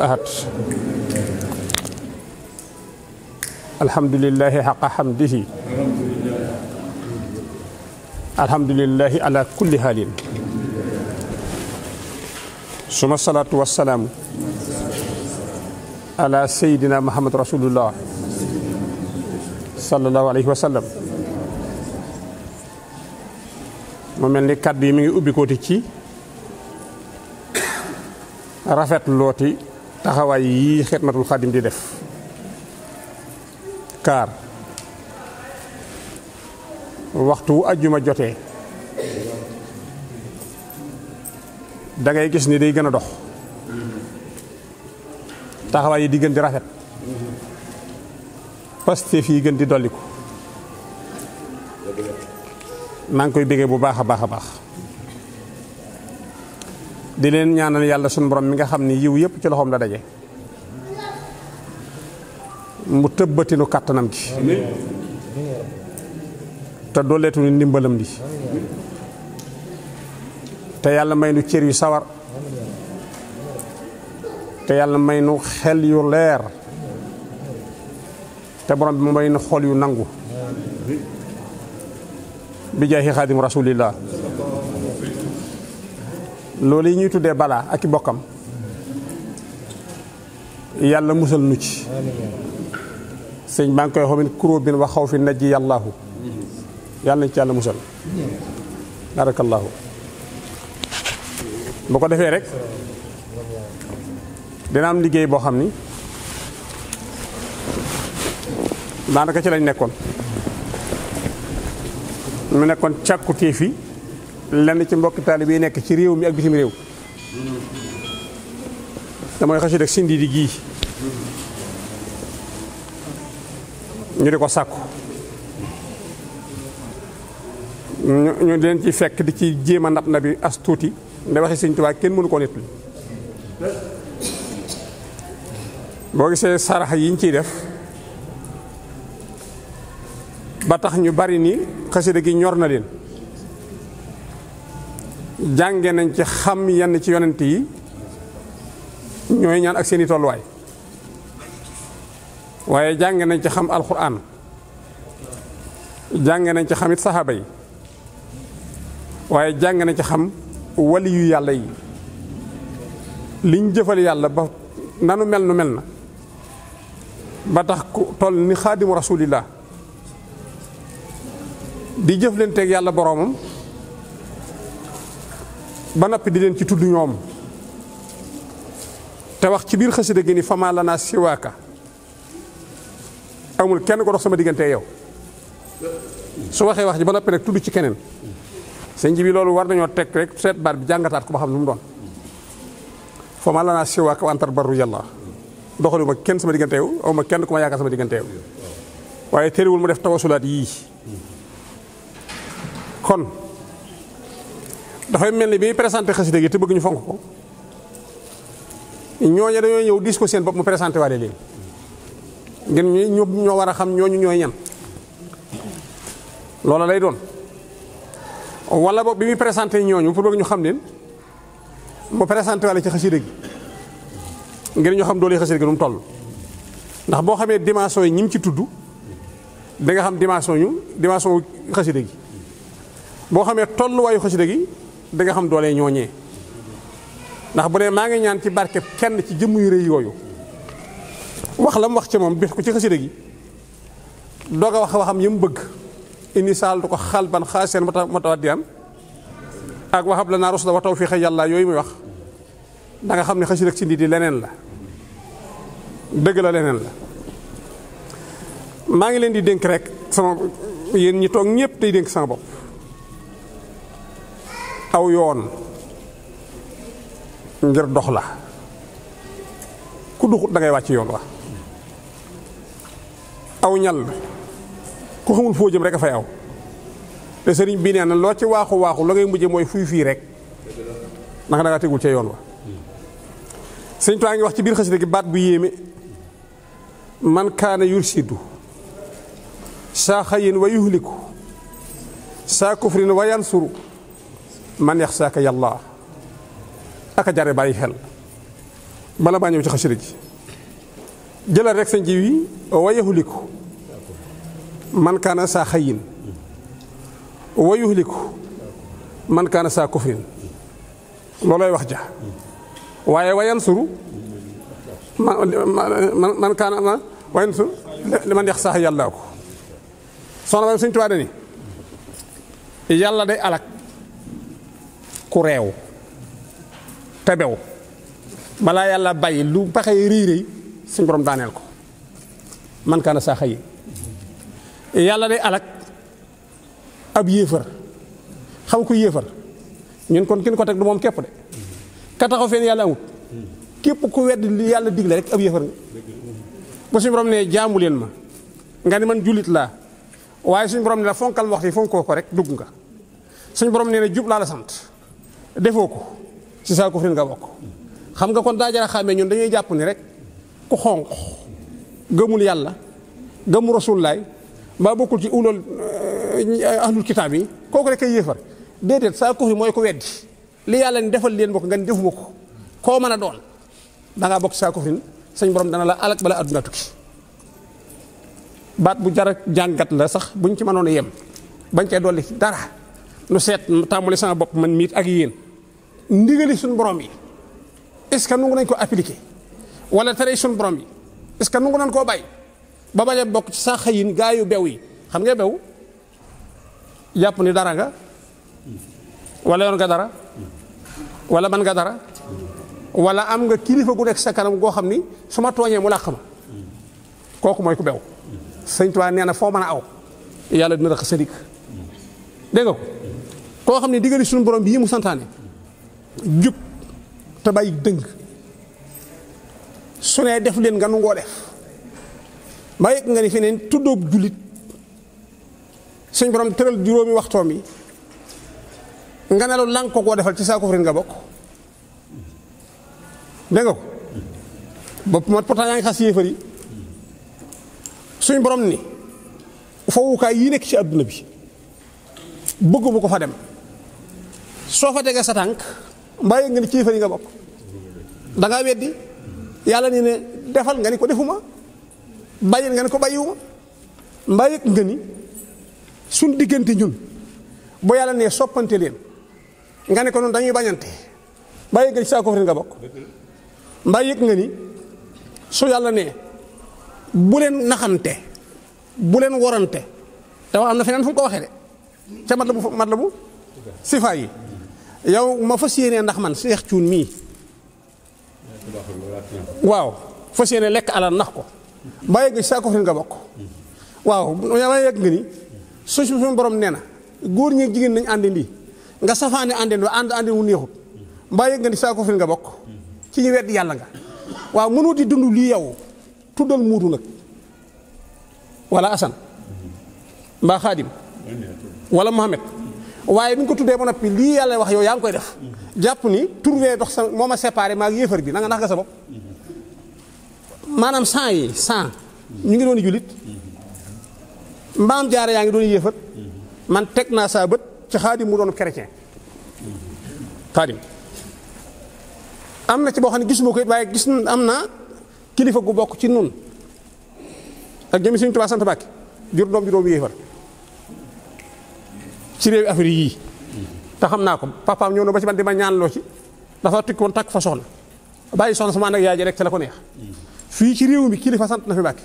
perhaps. الحمد لله حق حمده الحمد لله على كل حال ثم الصلاة والسلام على سيدنا محمد رسول الله صلى الله عليه وسلم ومن لكاد ni kàddu yi mi ngi ubbi taxawaay yii xidmatul xadim di def kaar waxtu wu ajjuma jotee da ngay gis ni day gën a dox taxawaay yi di gën di rafet Pastef yi gën di dolliku maa ngi koy béggee bu baax a baax a baax di len ñaanal yalla sun borom mi nga xamni yiw yep ci loxom la dajé mu tëbbatinu kàttanam gi te dooleetu ni ndimbalam di ta yalla may nu cër yu sawar ta yalla may nu xel yu leer ta borom bi mu may nu xol yu nangu bi jahi khadim rasulillah loolu yi ñuy tuddee balaa ak i bokkam yàlla musal nu ci sëñ maa ngi koy xamin kuróbin wa xaw fi najji yàllaahu yàlla nañ ci yàlla musal barakallaahu bu ko defee rek dina am liggéey boo xam ni daanaka ci lañ nekkoon mu nekkoon càkkutéef yi lenn ci mbokki taalib yi nekk ci réew mi ak bitim réew damooy xasida ak sindi gii ñu di ko sàkku ñu leen ci fekk di ci jéem a na bi as tuuti nda waxi Sëñ Tuubaa kenn mënu koo nit boo gisee sarax yi ñu ciy def ba tax ñu bari ni xasida gi ñor na leen jangé nañ ci xam yenn ci yonenti yi ñooy ñaan ak seeni way waye jangé nañ ci xam alquran jangé nañ ci xamit sahaba yi waye jangé nañ ci xam wali yu yalla yi liñ jëfël yalla ba nanu mel nu mel ba tax ku toll ni khadim rasulillah di ak yalla boromam ba noppi di leen ci tudd ñoom te wax ci biir xasida gi ni fama la naa siwaaka amul kenn ko dox sama diggante yow su waxee wax ji ba noppi nag tudd ci keneen sëñ ji bi loolu war nañoo tekk rek seet baat bi jàngataat ko ba xam nu mu doon fama la naa siwaaka wa antar barru yàlla doxaluma kenn sama diggante yow awma kenn ko ma yaakaar sama diggante yow waaye téerewul mu def tawasulaat yii kon dafay mel ni bi présenté xasida gi te bëgg ñu fonk ko ñooñu dañoo ñëw diis ko seen bopp mu présenté waale leen ngeen ñu ñoo war a xam ñooñu ñooy ñan loolu lay doon wala boog bi muy présenté ñooñu pour bëgg ñu xam leen mu présenté waale ci xasida gi ngeen ñoo xam doole xasida gi nu mu toll ndax boo xamee dimension yi ñi mu ci tudd da nga xam dimension ñu dimension xasida gi boo xamee tolluwaayu xasida gi dinga xam doole ñooñee ndax bu dee maa ngi ñaan ci barket kenn ci jëmm yu rëy yooyu wax la mu wax ci moom bés ko ci xasida gi doog a wax waxam yi mu bëgg ini saal du ko xal ban xaaseen ma tawaddiyan ak waxab la naa rusula wa tawfiixa yàlla yooyu muy wax da nga xam ne xasida si ndi di leneen la dëgg la leneen la maa ngi leen di dénk rek sama yéen ñi toog ñëpp tey dénk sama bopp aw yoon ngir dox la ku duxut da ngay wàcc yoon wa aw ñal ku xamul foo jëm rek a fay aw te sëriñ bi nee na loo ci waaxu waaxu la ngay mujjé mooy fuy fii rek naka da tegul ca yoon wa ngi wax ci biir xasida gi baat bu yéeme man kaana yursidu saa xayin wa yuhliku saa kufrin wa yansuru man yaxsaaka yàlla aka jare bàyyi xel bala maa ñëw ci xasida gi jëlal rek sa njiw yi wayuhliku man kaana saa xayin wayuhliku man kaana saa kufrin loolooy wax ja waaye wayansuru man man man kaana ma wayansuru li man yaxsaaka yàllaa ko soxna ba Sëñ Tuubaa dani yàlla day alak ku rew tebew bew bala yàlla bay lu baxay riri sun borom danel ko man kana sa xey yalla day alak ab yefer xam ko yefer ñun kon kin ko tek du mom kep de ka taxaw feen yàlla amut kep ku wedd li yalla digle rek ab yefer nga sun borom ne jamulen ma nga ni man julit la waye sun borom ne la fonkal waxti fonko ko rek dug nga sun borom ne jub la la sante defoo ko ci saa kufrin nga bokk xam nga kon daa jara xàmmee ñoom dañuy jàpp ni rek ku xonq gëmul yàlla gëmul rasulaay mbaa bokkul ci ulool eh, ahlul kitaab yi kooku rek ay yéefar déedéet saa mooy ko weddi li yàlla ni defal leen bokk nga ni ko koo mën a doon dangaa bokk saa kufrin sañ borom dana la alak bala àdduna tukki baat bu jar jàngat la sax buñ ci mënoon yem bañ cee dolli dara nu seet tàmbali sama bopp man miit ak yéen ndigali suñu borom yi est-ce que nangu nañ ko appliquer wala tere suñu borom yi est-ce que nangu nañ koo bay ba bañ bokk ci sa xëyin gaa yu bew yi xam nga bew jàpp ni dara nga wala yoon nga dara wala man nga dara walla am nga kilifa gu nekk sa kanam goo xam ni su ma tooñee mu làq ma kooku mooy ku bew sëñ Tuubaa nee na foo man a aw yàlla dina rax sa dikk dégg ko ko xamni digali sunu borom bi yi mu santane jub ta bay deung su def len nga ngo def may nga ni fene tuddo julit sunu borom tëral juromi waxto mi nga nalu lank ko ko defal ci saa kufrin nga bok de nga ko bopp ma pourtant yaa ngi xas borom ni fowukaay yi nek ci aduna bi bu ko fa dem soo fa tegee sa tànk mbaa yëg nga ni ci yéefar yi nga bokk da ngaa weddi yàlla ni ne defal nga ni ko defuma bàyyil nga ni ko bàyyiwuma mbaa yëg nga ni suñ diggante ñun boo yàlla nee soppante leen nga ne ko noonu dañuy bañante mbaa yëg nga ni nga bokk mbaa yëg ni su yàlla nee bu leen naxante bu leen worante te wax am na feneen fu mu ko waxee de ca mat la bu mat la bu sifaa yi yow ma fas yéenee ndax man seex cuun mii waaw fas yéene lekk alal ndax ko ba yegg saa ko nga bokk waaw yaa yegg nga ni su suñu borom nee na góor ñi jigéen nañu àndi lii nga safaani àndi wa ànd àndi wu neexut mbaa yëg nga ni saa ko nga bokk ci ñu wedd yàlla nga waaw mënoo di dund lii yow tuddal muutu nag wala Assane mbaa Xaadim wala Mohamed waaye bi ñu ko tuddee ba noppi lii yàlla wax yow yaa ngi koy def jàpp ni turwee ndox sa moo ma séparé maa ngi yéefar bi na nga nax nga sa bopp maanaam sang yi sang ñu ngi doon julit mbaam jaare yaa ngi doon yéefar man teg naa saa bët ci xaadim mu doon chrétien xaadim am na ci boo xam ne gisuma ko it waaye gis am na kilifa gu bokk ci nun ak jëmi suñu Tuubaa sant Mbàkke jur doom ju yéefar ci réew Afrique yii te xam naa ko papaam ñëw na ba ci man di ma ñaanloo ci dafa tukki woon takk fa soxna bàyyi soxna sama nag yaay ji rek ca la ko neex fii ci réew mi kilifa sant na fi Mbàkke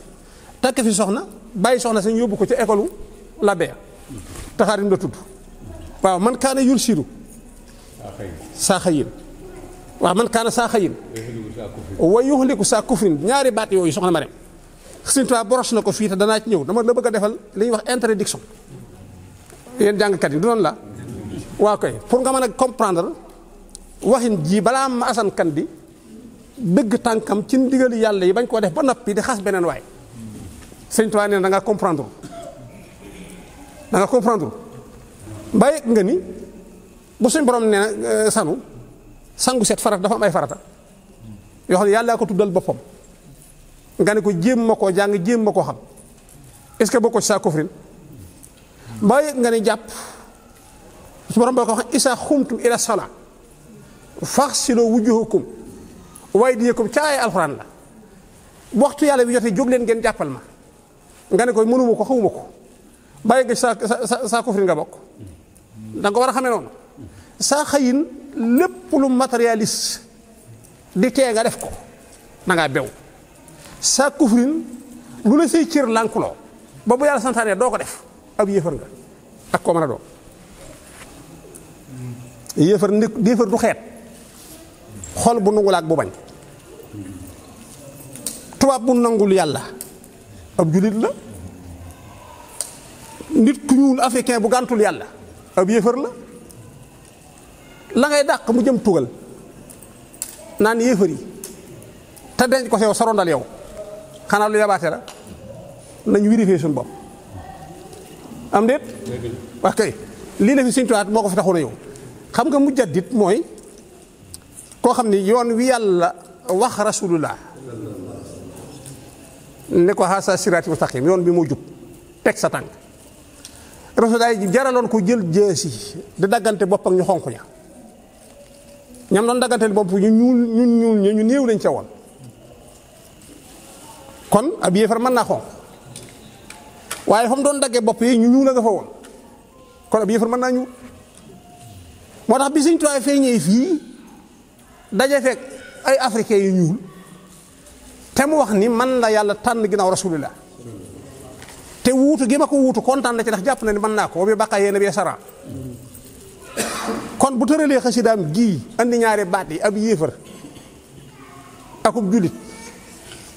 takk fi soxna bàyyi soxna sañ yóbbu ko ci école labee taxaarim la tudd waaw man kaana yul siru saa xayin man kaana saa xayin wa yuxliku saa kufrin ñaari baat yooyu soxna ma rem Sëñ Tuubaa boros na ko fii ci ñëw dama la bëgg a defal li ñuy wax interdiction yéen jàngkat yi du noonu la waa koy pour nga mën a comprendre waxin jii balaa ma asan kan di dëgg tànkam ci ndigali yàlla yi bañ koo def ba noppi di xas beneen waay sëñ Tuubaa nee na da nga comprendre da nga comprendre mbay nga ni bu suñ borom nee na euh, sanu sangu set farata dafa am ay farata yoo xam ne yàlla ko tuddal boppam nga ne ko jéem ma koo jàng jéem ma koo xam est-ce que boo ko saa kufrin baik nga ni japp su borom bako isa khumtum ila sala fakhsilu wujuhukum waydiyakum diyekum ay alquran la waxtu yalla bi jotee jog len gen jappal ma nga ne ko mënuma ko xawmako ko nga sa sa sa nga bok da nga wara war non sa noonu saa lu matérialiste di tee nga def ko na nga bew saa kufrin lu la sey cër lanklo ba bu yàlla santaane ko def ab yéefar nga ak koo mën a doon yéefar ndi du xeet xol bu nangul ak bu bañ tubaab bu nangul yàlla ab julit la nit ku ñuul africain bu gàntul yàlla ab yéefar la la ngay dàq mu jëm tugal naan yéefar yi te denc ko sew sarondal yow xanaa lu yabaate la nañ wirifee suñu bopp am deet wax kay lii la fi sëñ tuwaat moo ko fi taxoon a yow xam nga mujaddit mooy koo xam ni yoon wi yàlla wax rasulullah ne ko xaasa siraati mustaqim yoon bi moo jub teg sa tànk rasulullah jaraloon ko jël jeesi di daggante bopp ak ñu xonk ña ñam doon dagganteel bopp ñu ñuul ñun ñuul ñu néew lañ ca woon kon ab yéefar mën naa xonk waaye fa mu doon daggee bopp yi ñu ñuul a nga fa woon kon ab yëfar mën naa ñuul moo tax bi Sëñ Tuubaa feeñee fii daje fekk ay africain yu ñuul te mu wax ni man la yàlla tànn ginnaaw rasulillah te wuutu gi ma ko wuutu kontaan na ci ndax jàpp na ni mën naa ko wa bi baqaa yéena bi sara kon bu tëralee xasidaam gii andi ñaari baat yi ab yéefar akub julit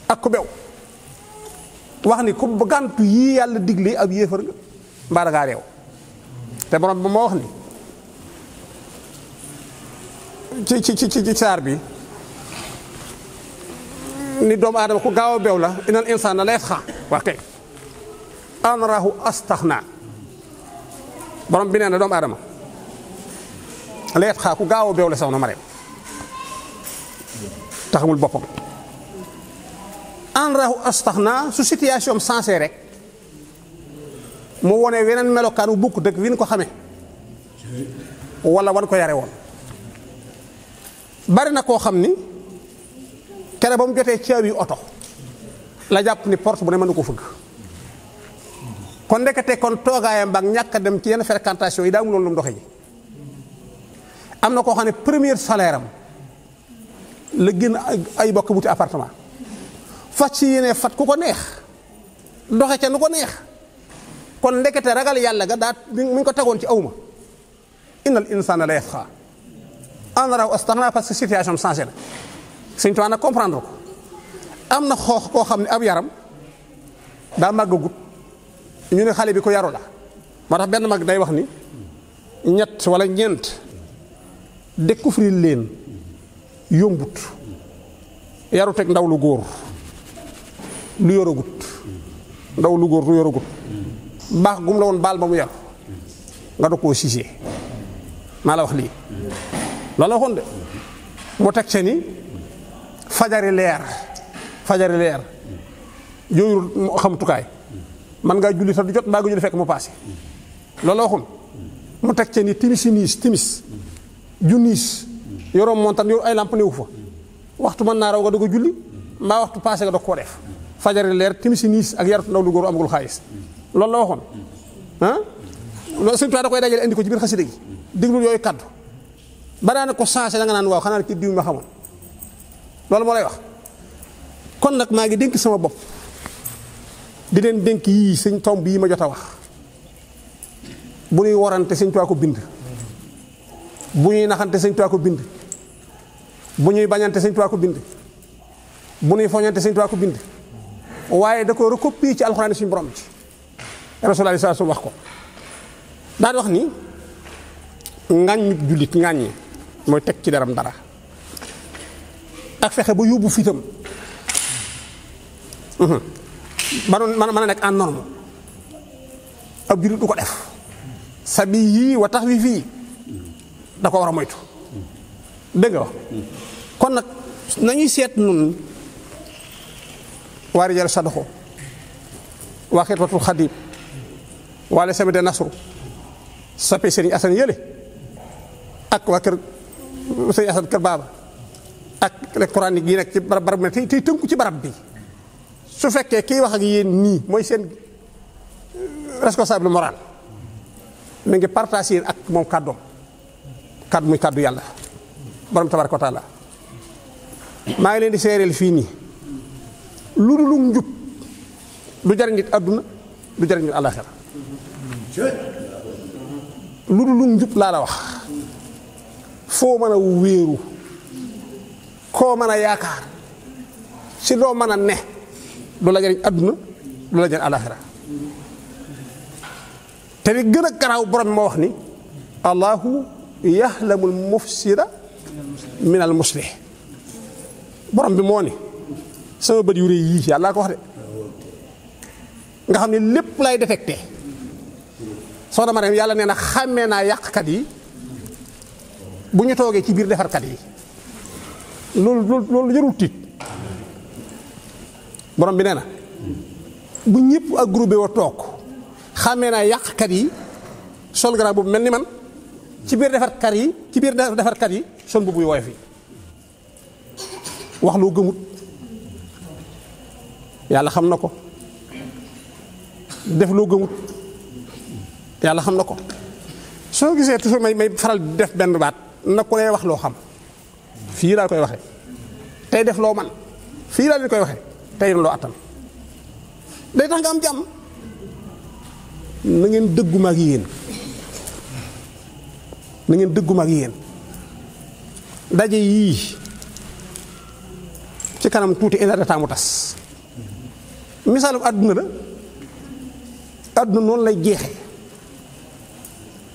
ak ku bew wax ni ku gàntu yii yàlla digle ab yéefar nga mbaa dangaa réew te borom ba moo wax ni ci ci ci ci saar bi ni doomu aadama ku gaaw a beew la inal insaan la yasxaa wax kay an rahu astaxna borom bi nee na doomu aadama la yasxaa ku gaaw a beew la sax na ma reew taxamul boppam an rahu astaxna su situation am rek mu wone weneen melokaan wu bukk dëkk win ko xamee wala wan ko yare woon bari na koo xam ni kere ba mu jotee caabi oto la jàpp ni porte bu ne mën na koo fëgg kon te kon toogaayam ba ñàkk a dem ci yenn fréquentation yi daa mu loolu lu mu doxe ji am na koo xam ne premier saleeram am la génn ay bokk buti appartement fas ci yéene fat ku ko neex doxe ca nu ko neex kon ndekete ragal yàlla ga daa mu ko tegoon ci awma innal insana la yatxa an raw astaxna parce que situation changé na suñ tuwaa nag comprendre ko am na xoox koo xam ne ab yaram daa màggagut ñu ne xale bi ko yaru la moo tax benn mag day wax ni ñett wala ñeent découvrir leen yombut yaru teg ndaw lu góor lu yoragut ndaw lu góor lu yoragut bax gum la won bal ba mu yar nga do koo sisé ma la wax la la waxoon de mo tek ca ni fajari leer fajari leer xam tukay man nga julli sa du jot mbaa nga julli fek mu passé la waxoon mu teg ca ni timisi timis junis, yoro montan yoro ay lamp néew fa waxtu man na raw nga ko julli ma waxtu passé nga do ko def Fajar leer timisi nis ak yar ndaw lu góor amagul xaalis loolu la waxon han lo sëñ tuwaa da koy dajale indi ko ci bir xasida gi diglul yooyu kaddu ba ko changé da nga nan waw xana ki diw ma xamul loolu mo lay wax kon nak maa ngi sama bop di leen denk yi sëñ tomb yi ma jot wax bu ñuy warante sëñ tuwaa ko bind bu ñuy naxante sëñ tuwaa ko bind bu ñuy bañante sëñ tuwaa ko bind bu ñuy foñante sëñ tuwaa ko bind waaye da ko recopier ci alxuraan suñu borom ci rasulullah saa su wax ko daal wax ni ngaañ jullit ngaañi mooy teg ci daram dara ak fexe ba yóbbu fitam mhm. ba doon mën a nekk en norme ak jullit du ko def sabi yii wa tax wi fii da ko war a moytu dégg mhm. kon nag nañuy seet noonu waa rijal sadxo waa xidmatul xadim waale sami de nasru sappe sëriñ asan yële ak ak le coranique yi nekk ci barab barab ci barab bi su fekkee kiy wax ak yéen nii mooy seen euh, responsable moral mi ngi partage ak moom kàddoom kàddu muy kàddu yàlla borom tabaraka wa maa ngi leen di seereel fii nii lu lu njub du belajar nit aduna du jariñ nit alakhir lu lu njub la la wax fo meuna wéru ko meuna yaakar ci do meuna ne du la jariñ aduna du la jariñ alakhir te li gëna karaw borom mo wax ni allah yahlamul mufsida min al muslih borom bi mo ni sama bët yu rëy yii yàllaa ko wax de nga xam ne lépp lay détecté soo Mariam yàlla nee na xàmmee naa yàqkat yi bu ñu toogee ci biir defarkat yi loolu loolu loolu tiit borom bi nee na bu ñëpp ak groupé wa toog xàmmee naa yàqkat yi sol garab bu mel ni man ci biir defarkat yi ci biir defarkat yi sol bu buy woyof yi wax loo gëmut yàlla xam na ko def loo gëmut yàlla xam na ko soo gisee toujours may may faral def benn baat na ku lay wax loo xam fii laa koy waxe tey def loo man fii laa leen koy waxee tey loo attan day tax nga am jàmm na ngeen dëggu ma ak yéen na ngeen dëggu ma ak yéen daje yii ci kanam tuuti inna de taamu tas misaalum àdduna la àdduna noonu lay jeexe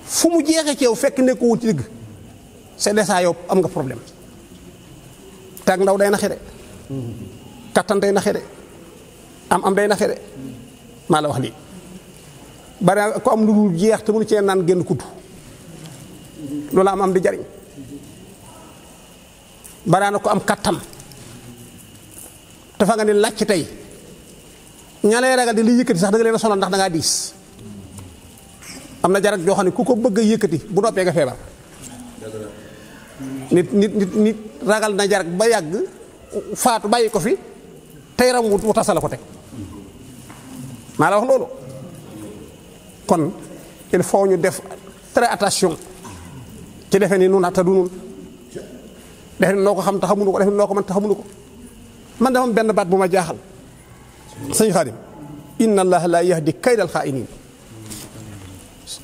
fu mu jeexe ci yow fekk nekkoo ci digg c'est déjà yow am nga problème tag ndaw day naxe de kattan day naxe de am am day naxe de maa la wax lii bari ko am lu dul jeex te mënu cee naan génn kudd loolu am am di jariñ bari na ko am kattan dafa nga ne làcc tey ña ragal di li yëkëti sax da nga leen sonal ndax da nga dis amna jarak jo xam ne ku ko bëgg yëkëti bu nga nit nit nit nit ragal na jarak ba yagg faatu bayyi ko fi tay ram wu ko tek ma la wax lolu kon il faut ñu def très attention ci defé ni nuna ta dunul nun noko xam ta xamunu ko noko man ta man ko man dafa am benn baat sëñ Xaadim inna allaha laa yahdi kaydal xaa'iniin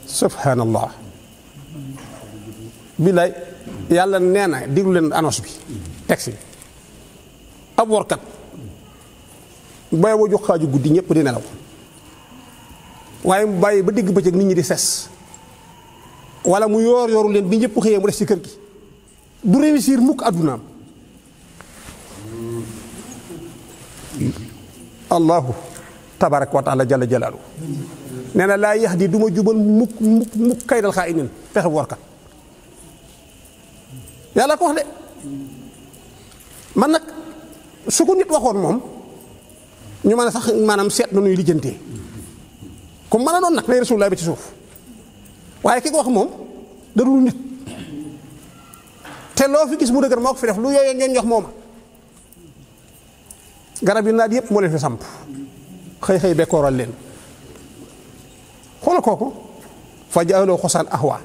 subhanallah billaay yàlla nee na diglu leen annonce bi texte bi ab workat bàyyi boo jox xaaju guddi ñëpp di nelaw waaye mu bàyyi ba digg bëccëg nit ñi di ses wala mu yoor yooru leen bi ñëpp xëyee mu def ci kër gi du réussir mukk addunaam allahu tabaraka wa taala jalla jalaalu nee na laa yax di duma ma jubal mukk mukk mukk kaydal xaa inin pexe warkat yàlla ko wax de man nag su ko nit waxoon moom ñu mën a sax maanaam seet na nuy lijjantee comme mën a doon nag lay rasulullah bi ci suuf waaye ki ko wax moom da dul nit te loo fi gis mu dëgër moo ko fi def lu yooyu ngeen jox mooma garab yu naat yëpp moo leen fi samp xëy xëy bekkooral leen xoola kooku fa jaaloo xosaan ahwa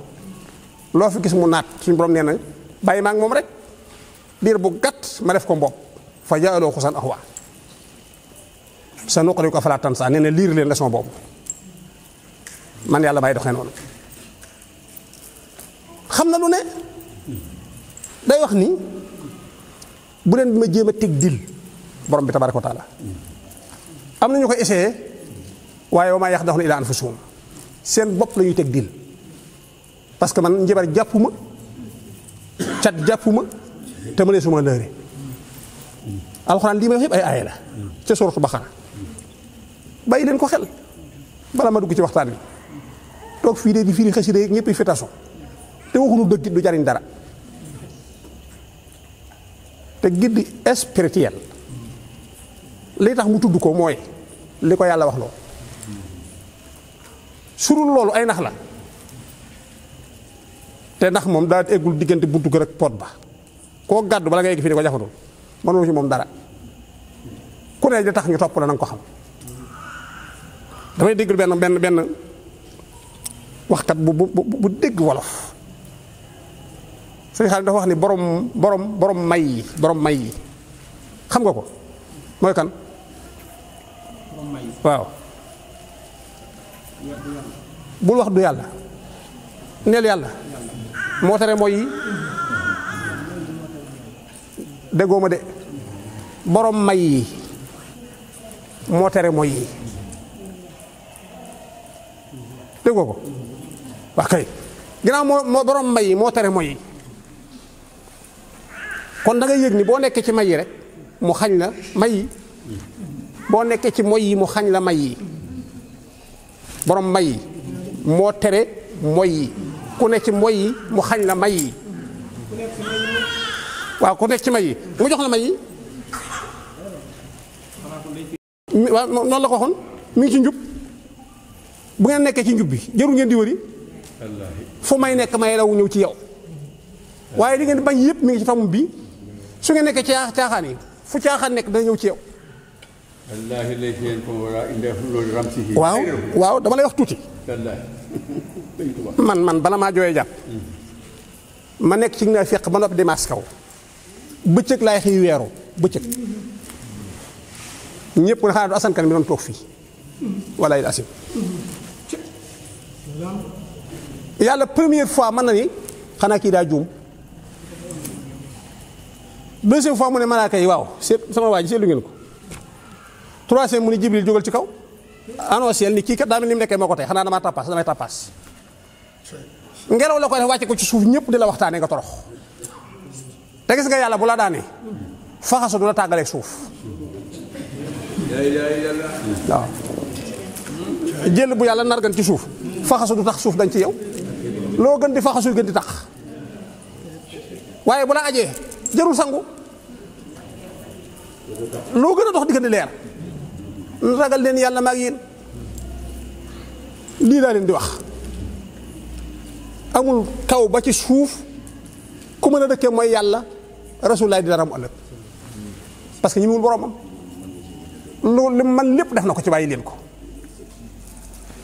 loo fi gis mu naat suñu borom nee na bàyyi ma ak moom rek liir bu gàtt ma def ko mbopp fa jaaloo xosaan ahwa sa nuqari ko falaa tansa nee na liir leen leçon boobu man yàlla may doxee noonu xam na lu ne day wax ni bu leen bi ma jéem a teg dil borom bi tabaaraka wa taala am na ñu ko essayé waaye wa maa yaxda'uuna illaa anfusahum seen bopp la ñuy teg dil parce que man njabar jàppuma cat jàppuma te mënee suma lëre alxuraan lii ma wax yëpp ay aaya la ca su Baqara bàyyi leen ko xel bala ma dugg ci waxtaan bi toog fii de di firi xasida yi ñëpp fi taso te waxuñu dëgg du jariñ dara te giddi spirituel li tax mu tudd ko mooy li ko yàlla wax loo surul loolu ay nax la te nax moom daa eggul diggante buntu kër ak pot ba koo gàddu bala nga egg fii di ko jafandu mënoo ci moom dara ku ne di tax ñu topp la na nga ko xam damay déglu benn benn benn waxkat bu bu bu dégg wolof sëñ xaalis dafa wax ni borom borom borom may yi borom may yi xam nga ko mooy kan waaw bul wax du yàlla neel yàlla moo tare mooy yi déggoo ma de borom may yi moo tere ko wax kay ginnaaw moo moo borom may yi moo tare mooy kon da nga yëg ni boo nekkee ci may yi rek mu xañ la may yi boo nekkee ci moy yi mu xañ la may yi borom may yi moo tere moy ku mu xañ la may yi waaw ku nekk ci may yi mu jox la may yi waaw noonu la ko waxoon mi ngi ci njub bu ngeen nekkee ci njub bi jëru ngeen di wëri fu may nekk may raw ñëw ci yow waaye li ngeen bañ yëpp mu ngi ci famum bi su ngeen nekkee caaxaan yi fu caaxaan nekk day ñëw ci yow waaw waaw dama lay wax tuuti. man man bala maa jooyee jàpp. Mm-hmm. ma nekk ci na fekk ba noppi di kaw. bëccëg laay xëy weeru bëccëg. Mm-hmm. ñëpp na xanaa du asankan mi doon toog fii. wala il asim. yàlla première fois man na ni xanaa kii daa juum. deuxième fois mu ne malaaka yi waaw seet sama waa ji seetlu ngeen ko. troisième mu ni jibril jógal ci kaw annoncé ni ki ka daa mel ni mu nekkee moo ko tey xanaa damaa tappaas ngelaw la ko def wacce ko ci suuf ñepp di la nga torox te gis nga yalla bu la daane faxasu dula la tàggaleeg suuf jël bu yàlla nargan ci suuf faxasu du tax suuf dañ ci yow lo gën di faxasu gën di tax waye bu la aje jarul sangu gëna gën di gën di leer ragal len yàlla maag yéen li la len di wax amul taw ba ci suuf ku meuna a moy yàlla rasulaay di daram mu parce que ñi mul boromam lu lim man lépp def nako ci bàyyi len ko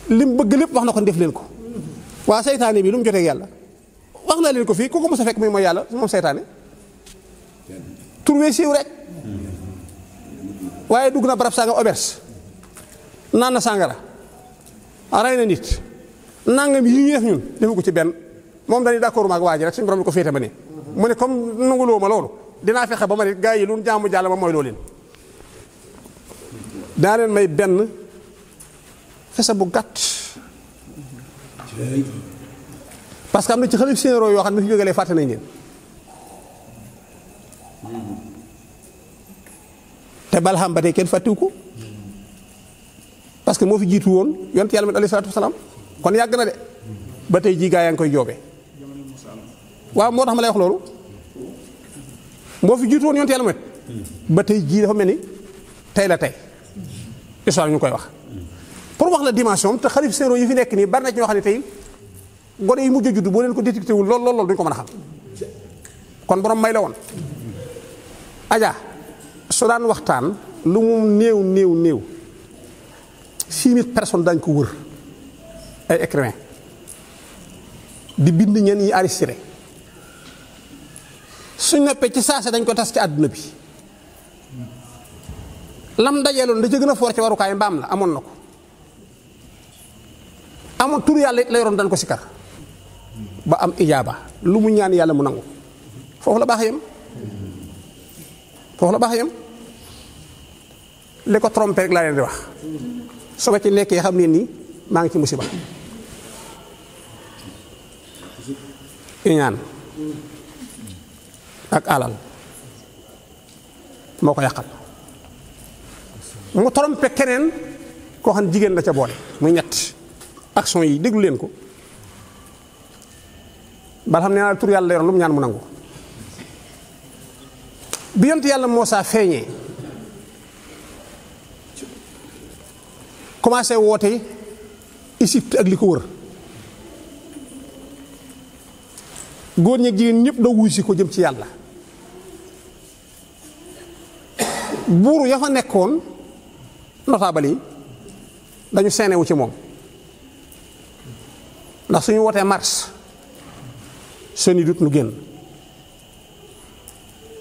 lim bëgg lépp wax nako def len ko wa seytaane bi lu mu jotté yàlla wax na len ko fi ku ko mësa a fekk muy mooy yàlla mom seytaane tourwé ci siiw rek waye dugg na barab sanga auberge naan na sàngara rey na nit nangam yi ñu def ñun defu ko ci benn moom dañuy d'accord maag waa ji rek suñu borom ko féete ma ne mu ne comme nanguloo ma loolu dinaa fexe ba ma ne gars yi lu jaamu jàll ma mooy loolu leen may benn fese bu gàtt parce que am na ci xalif seen yoo xam ne fi jógelee fàtte nañ leen te balxam ba tey kenn fàttiwu ko parce que moo fi jiitu woon yonent yàlla alayhi salaatu kon yàgg na ba tey jii yaa ngi koy joobee waaw moo tax ma lay wax loolu moo fi jiitu woon yonent yàlla ba tey jii dafa mel ni tey la tey histoire ñu koy wax pour wax la dimension te xalif séeréer yi fi nekk nii bari nañ ci ñoo xam ne tey gone yi mujj a judd boo leen ko détecté wul lool lool duñ ko mën a xam kon borom may la woon. Adja su daan waxtaan lu mu néew néew néew. six mille personnes dañ ko wër ay écrivain di bind ñenn ñi arrêté suñ noppee ci saase dañ ko tas ci àdduna bi lam dajeeloon da ca gën a foor ci warukaay mbaam la amoon na ko amoon tur yàlla la yoroon dañ ko sikar ba am ijaaba lu mu ñaan yàlla mu nangu foofu la baax yem foofu la baax yem li ko trompé rek laa leen di wax soo ci nekkee xam ne nii maa ngi ci mu musiba ñaan ak alal moo ko yàqal mu trompe keneen koo xam jigéen la ca boole muy ñett action yi déglu ko bal xam ne naa tur yàlla yoroon lu mu ñaan mu nangu bi yont yàlla Muusaa feeñee commencé woote Égypte ak li ko wër góor ñeeg jigéen ñëpp doo wuy si ko jëm ci yàlla buur ya fa nekkoon notable yi dañu seenewu ci moom ndax suñu wootee mars seen i dut nu génn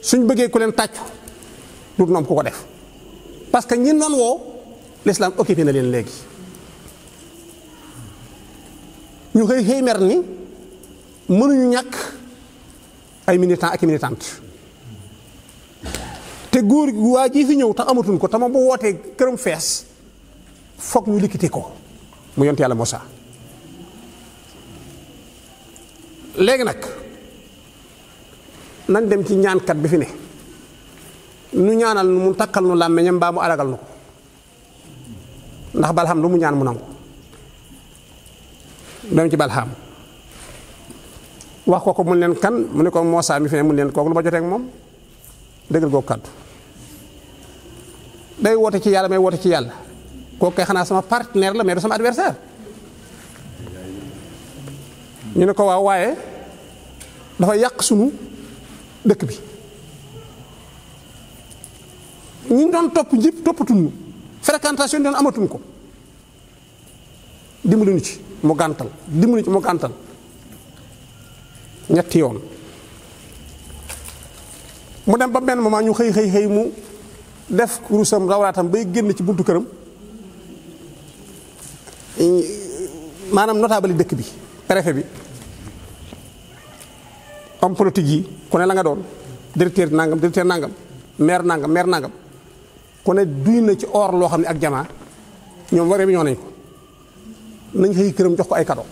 suñ bëggee ku leen tàccu dut noom ku ko def parce que ñi woo l'islam occupé na leen léegi ñu xëy xëy mer ni mënuñu ñakk ay militant ak militante te góor gi waa jii fi ñëw te amatuñ ko tama bu wootee këram fees foog ñu likkiti ko mu yont yàlla Moussa léegi nag nañ dem ci ñaankat bi fi ne nu ñaanal nu mu takkal nu làmmeñam mbaa mu alagal nu ko ndax balxam lu mu ñaan mu nangu dem ci balxam wax ko ko mun leen kan mu ne ko Moussa mi mun leen kooku lu ma jotee ak moom dëggal googu kàddu day woote ci yàlla may woote ci yàlla kooku kay xanaa sama partenaire la may du sama adversaire ñu ne ko waaw waaye dafa yàq sunu dëkk bi ñu doon topp njëpp toppatunu fréquentation doon amatuñ ko dimbaluñu ci mu gàntal dimbaluñu ci mu gàntal ñetti yoon mu dem ba benn moment ñu xëy xëy xëy mu def kurusam rawlaatam bay génn ci buntu këram maanaam notable dëkk bi préfet bi homme politique yi ku nga doon directeur nangam directeur nangam meer nangam meer nangam ku ne duy na ci or loo xam ne ak jamaa ñoom waree bi ñoo nañ ko nañ xëy këram jox ko ay kado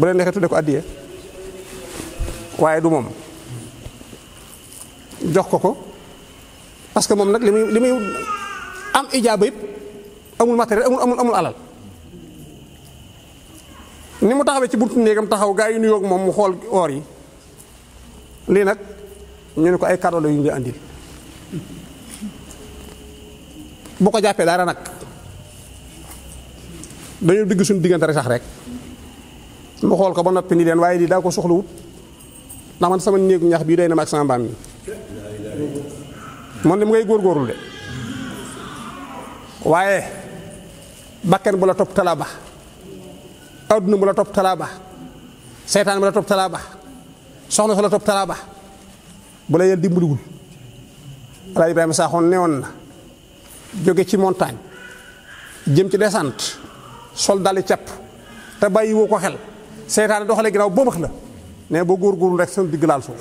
bu leen neexee tudde ko addiye waaye du moom jox ko ko parce que moom nag li muy li muy am ijaaba yëpp amul matériel amul amul alal ni mu taxawee ci buntu néegam taxaw gaa yi nuyoog moom mu xool or yi lii nag ñu ne ko ay kado la yu ñu andil bu ko jàppee dara nag dañu dugg suñu diggante rek sax rek mu xool ko ba noppi ni leen waaye di daa ko Namun wut ndax man sama néegu ñax bii day na ak sama mbaam mi moom li mu ngay góorgóorlu de waaye bakken bu la topp tala ba adduna bu la topp tala ba seytaan bu la topp tala ba soxna bu la yel dimbaliwul Ibrahima Saaxoon newoon na jóge ci montagne jëm ci descente sol dali capp te bàyyi woo ko xel seytaane doxale ginnaaw boobax la ne boo góorgóorlu rek seen digg laal suuf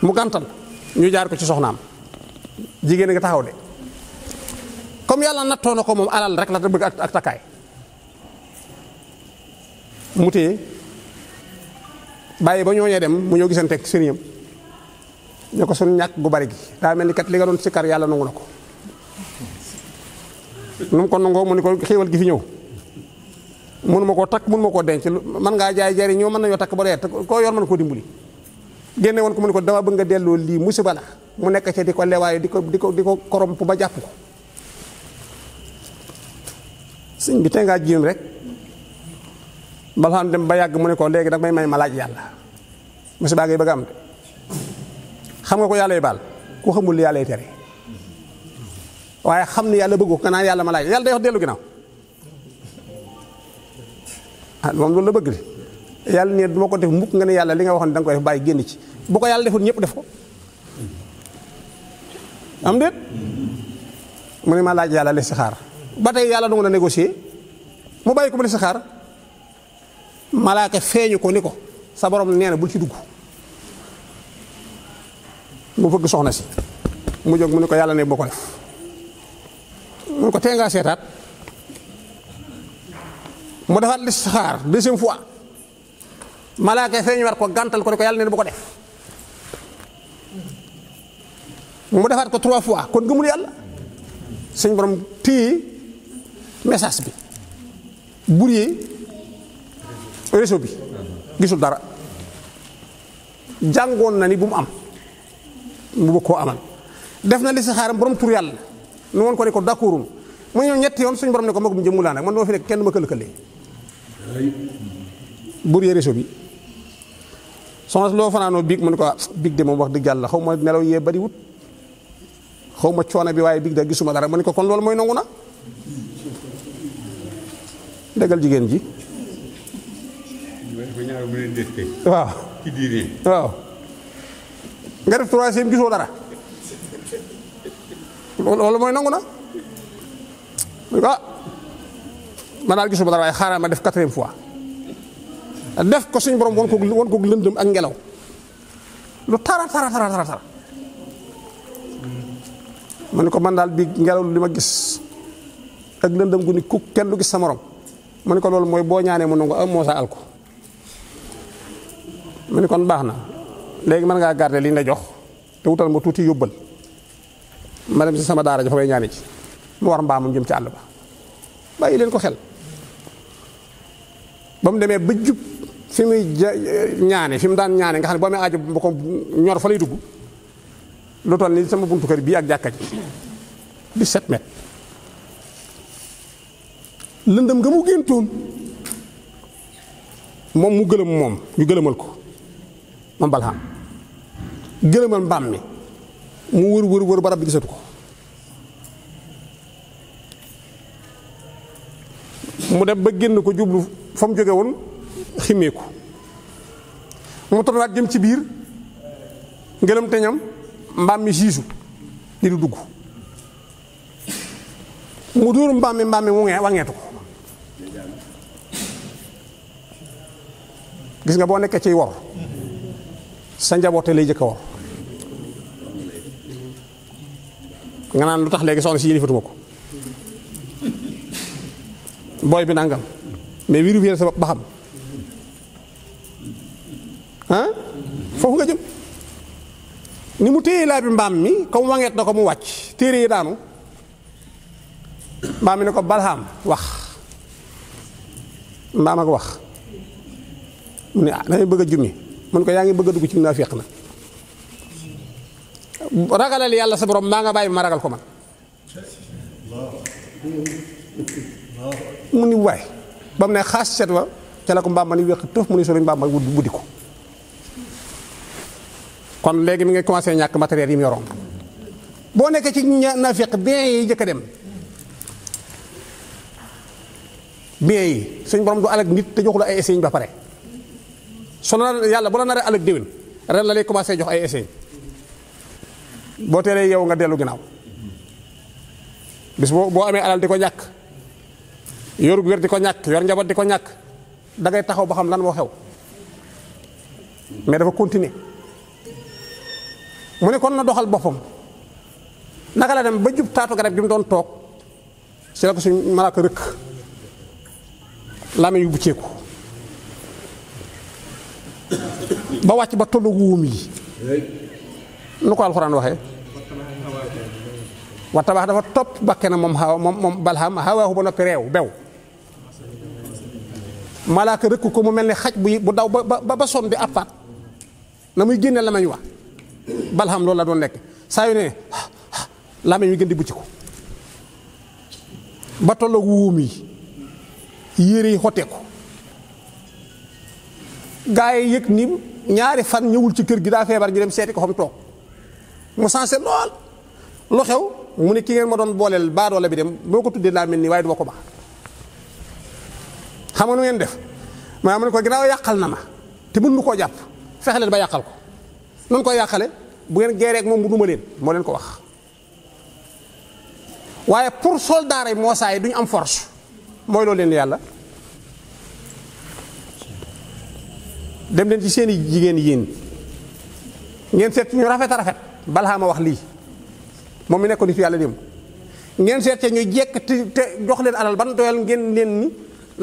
mu gàntal ñu jaar ko ci soxnaam jigéen nga taxaw de comme yàlla nattoo na ko moom alal rek la te bëgg ak takkaay mu téye bàyyi ba ñooñee dem mu ñëw gisanteeg sëriñam ne ko suñu ñàkk gu bari gi daa mel ni kat li nga doon sikkar yàlla nangu na ko nu ko nangoo mu ni ko xéewal gi fi ñëw mënu ko koo takk mënu ma koo denc man ngaa jaay ñoo mën nañoo takk ba dee te koo yor mën koo dimbali génne woon ko mu ne ko dama bëgg nga delloo lii musiba la mu nekk ca di ko lewaaye di ko di ko di ko korom ba jàpp ko sëñ bi te ngaa jiim rek bala xam dem ba yàgg mu ne ko léegi dag may may ma laaj yàlla musiba ngay bëgg am de xam nga ko yàlla baal ku xamul yàlla yi tere waaye xam ne yàlla bëggu ko naan yàlla ma laaj yàlla day wax dellu ginnaaw ah loolu la bëgg de yàlla ne duma ko def mukk nga yàlla li nga waxoon da nga ko def génn ci bu ko yàlla deful ñëpp ko am déet mu ne ma laaj yàlla listixaar ba tey yàlla nangu na négocier mu bàyyi ko mu listixaar malaaka feeñu ko ni ko sa borom nee na bul ci dugg mu bëgg soxna si mu jóg mu ne ko yàlla ne boo mu ko tenga ngaa mu mu li xaar deuxième fois malaka feñ war ko gantal ko ne ko yàlla ne bu ko def mu defaat ko trois fois kon gëmul yàlla suñ borom ti message bi burier réseau bi gisul dara jangon na ni bu mu am mu ko amal def na li sa xaram borom tur yalla nu won ko ne ko d'accordul um. mu ñëw ñetti yoon suñu borom ne ko mako jëmmu laa nag man do fi nek kenn ma kele kele bur yee réseau bi sans lo fanano big mu ne ko ah, big de moom wax dëgg yàlla xawma nelaw ye bari wut xawma choona bi waye big da gisuma dara mu ne ko kon loolu mooy nangu na dëggal jigéen ji waaw ki diine waaw nga def troisième gisoo dara loolu mooy nangu na ah ma daal gisuma dara waaye xaaral ma def quatrième fois def ko suñu borom won ko won ko lëndëm ak ngelaw lu tara tara tara tara tara ma ne ko man daal bi ngelaw li ma gis ak lëndëm gu ni ku kenn du gis sa morom ma ne ko loolu mooy boo ñaanee mu nangu am ah, moo sa alko ma ne kon baax na léegi man ngaa garder liñ la jox te wutal ma tuuti yóbbal ma dem si sama daara jox may ñaani ci mu war mbaamam jëm ci àll ba bàyyi leen ko xel ba mu demee ba jub fi muy ñaane fi mu daan ñaane nga xam ne boo mu aajo ba ko ñor fa dugg lu toll ni sama buntu kër bii ak jàkka ji 17 mètres lëndëm nga mu géntoon moom mu gëlëm moom ñu gëlëmal ko moom balxam gëlëmal mbaam mi mu wër wër wër barab bi gisatu ko mu dem ba génn ko jublu fa mu jóge woon ximeeku mu tonaat jëm ci biir ngëlëm teñam mbaam mi siisu di du dugg mu dóor mbaam mi mbaam mi mu wangeetu ko gis nga boo nekkee ciy wor sa njaboote lay jëkka wor nga naan lu tax léegi soxna si yëlifatuma ko boy bi nangam mais wiru fiir sa ah foofu nga jëm ni mu téye laa bi mbaam mi comme wangeet na ko mu wàcc téere yi daanu mbaam mi ne ko balxaam wax mbaam ak wax mu ne ah bëgg a mu ko bëgg a ci na ragalal yalla sa borom ma nga bay ma ragal ko man mu ni waay ne khas set wa ca la ko mbam ni wex tëf mu ni soriñ mbaam ma ko kon legi mi ngi commencé ñak matériel yi mu yoroon boo nekkee ci nafiq bien yi jëk dem bien yi suñ borom du alak nit te joxul ay essai ba pare sonal yalla bu la naree alak déwén ren la lay commencé jox ay essay bo téré yow nga dellu ginaaw bis bo boo amee alal di ñak yor guer di ñak yor njabot di ñak da ngay taxaw ba xam lan mo xew mais dafa continuer mu ne kon na doxal bopam naka la dem ba jup tatu garab gi mu doon toog si la ko suñu malaka rek lamé yu bëcëku ba wacc ba tollu wuum yi nu ko وتبعها دفا توب بكنا موم هاو موم بالهام هاو هو بنوك ريو بيو ملاك ركو كومو ملني خاج بو بو داو با با سون بي افات نامي جين لا ماي وا بالهام لولا دون نيك سايو ني لا ماي ني گندي بوتيكو با تولو وومي ييري هوتيكو gaay yek nim ñaari fan ñewul ci kër gi da febar ñu dem séti ko xom tok mu sansé lol lu xew mu ne ki ngeen ma doon booleel baadoola bi dem boo ko tuddee laa mel nii waaye du ma ko baax xam nga nu ngeen def maa mu ne ko ginnaaw yàqal na ma te mën mu koo jàpp fexe leen ba yàqal ko noonu koy yàqale bu ngeen geeree ak moom mu duma leen moo leen ko wax waaye pour soldaar yi moo saa yi duñu am force mooy loolu leen yàlla dem leen ci seeni jigéen yéen ngeen seet ñu rafet a rafet balaa ma wax lii moom mi nekkoon nitu yàlla démb ngeen seet ca ñu jekk te jox leen alal ban doyal ngeen leen ni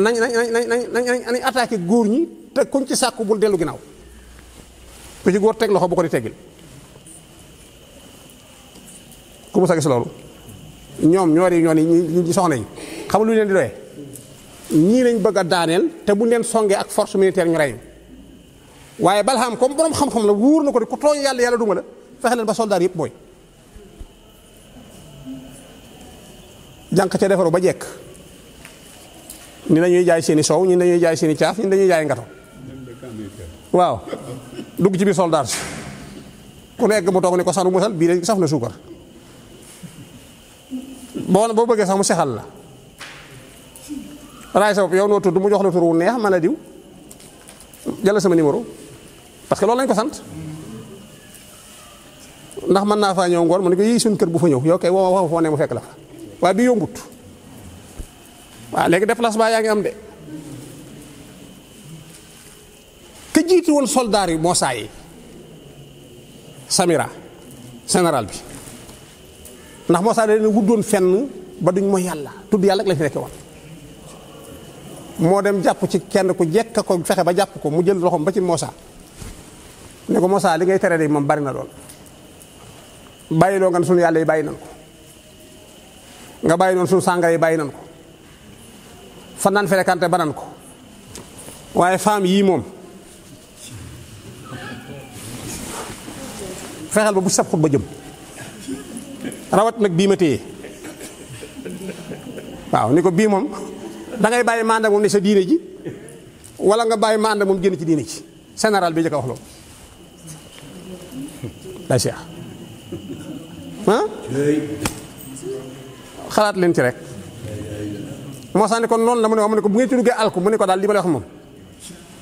nañ nañ nañ nañ nañ attaqué góor ñi te kuñ ci sàkku bul dellu ginnaaw ku ci góor teg loxo bu ko di teggil ku mu sa gis loolu ñoom ñoo di ñoo ni ñi soxna yi xam lu leen di doyee ñii lañ bëgg a daaneel te bu leen songee ak force militaire ñu rey waaye balxam comme borom xam-xam la wóor na ko di ku tooñ yàlla yàlla duma la fexe leen ba soldaar yëpp mooy jank ca defaru ba jek ni dañuy jaay seeni soow ni dañuy jaay seeni tiaf ni dañuy jaay ngato waaw dug ci bi soldat ku nek mu tok ni ko sanu musal bii saf na sukar boo bo beugé sax mu la ray sa yow no tuddu mu jox la turu neex mala diw jël sama numéro parce que lolou lañ ko sant ndax man na fa ñëw ngor mu ne ko yi sun kër bu fa ñëw yow kay wo wo fo ne mu fekk la fa waaye du yombut waaw léegi déplacement yaa ngi am de ka jiiti woon soldaar yi moo yi Samira général bi ndax moo saa yi dañu wuddoon fenn ba duñ mooy yàlla tudd yàlla rek la fi nekk moo dem jàpp ci kenn ku jekk ko fexe ba jàpp ko mu jël loxoom ba ci moosaa ne ko Moussa li ngay tere de moom bari na lool bàyyiloo nga ne sunu yàlla yi bàyyi nañ ko nga bayi non sun sàngara bayi nan ko fanan naan fréquenté ba ko waye fam yi mom fexal ba bu sab khutba jëm rawat nak bi ma téye waaw ni ko bii moom da ngay bayi manda mom ni sa diine ji wala nga bayi manda mom genn ci diine ji senegal bi jëkk wax lo la xalaat leen ci rek moo sax ne kon noonu la mu ne mu ne ko bu ngeen ci duggee alku mu ne ko daal li ma lay wax moom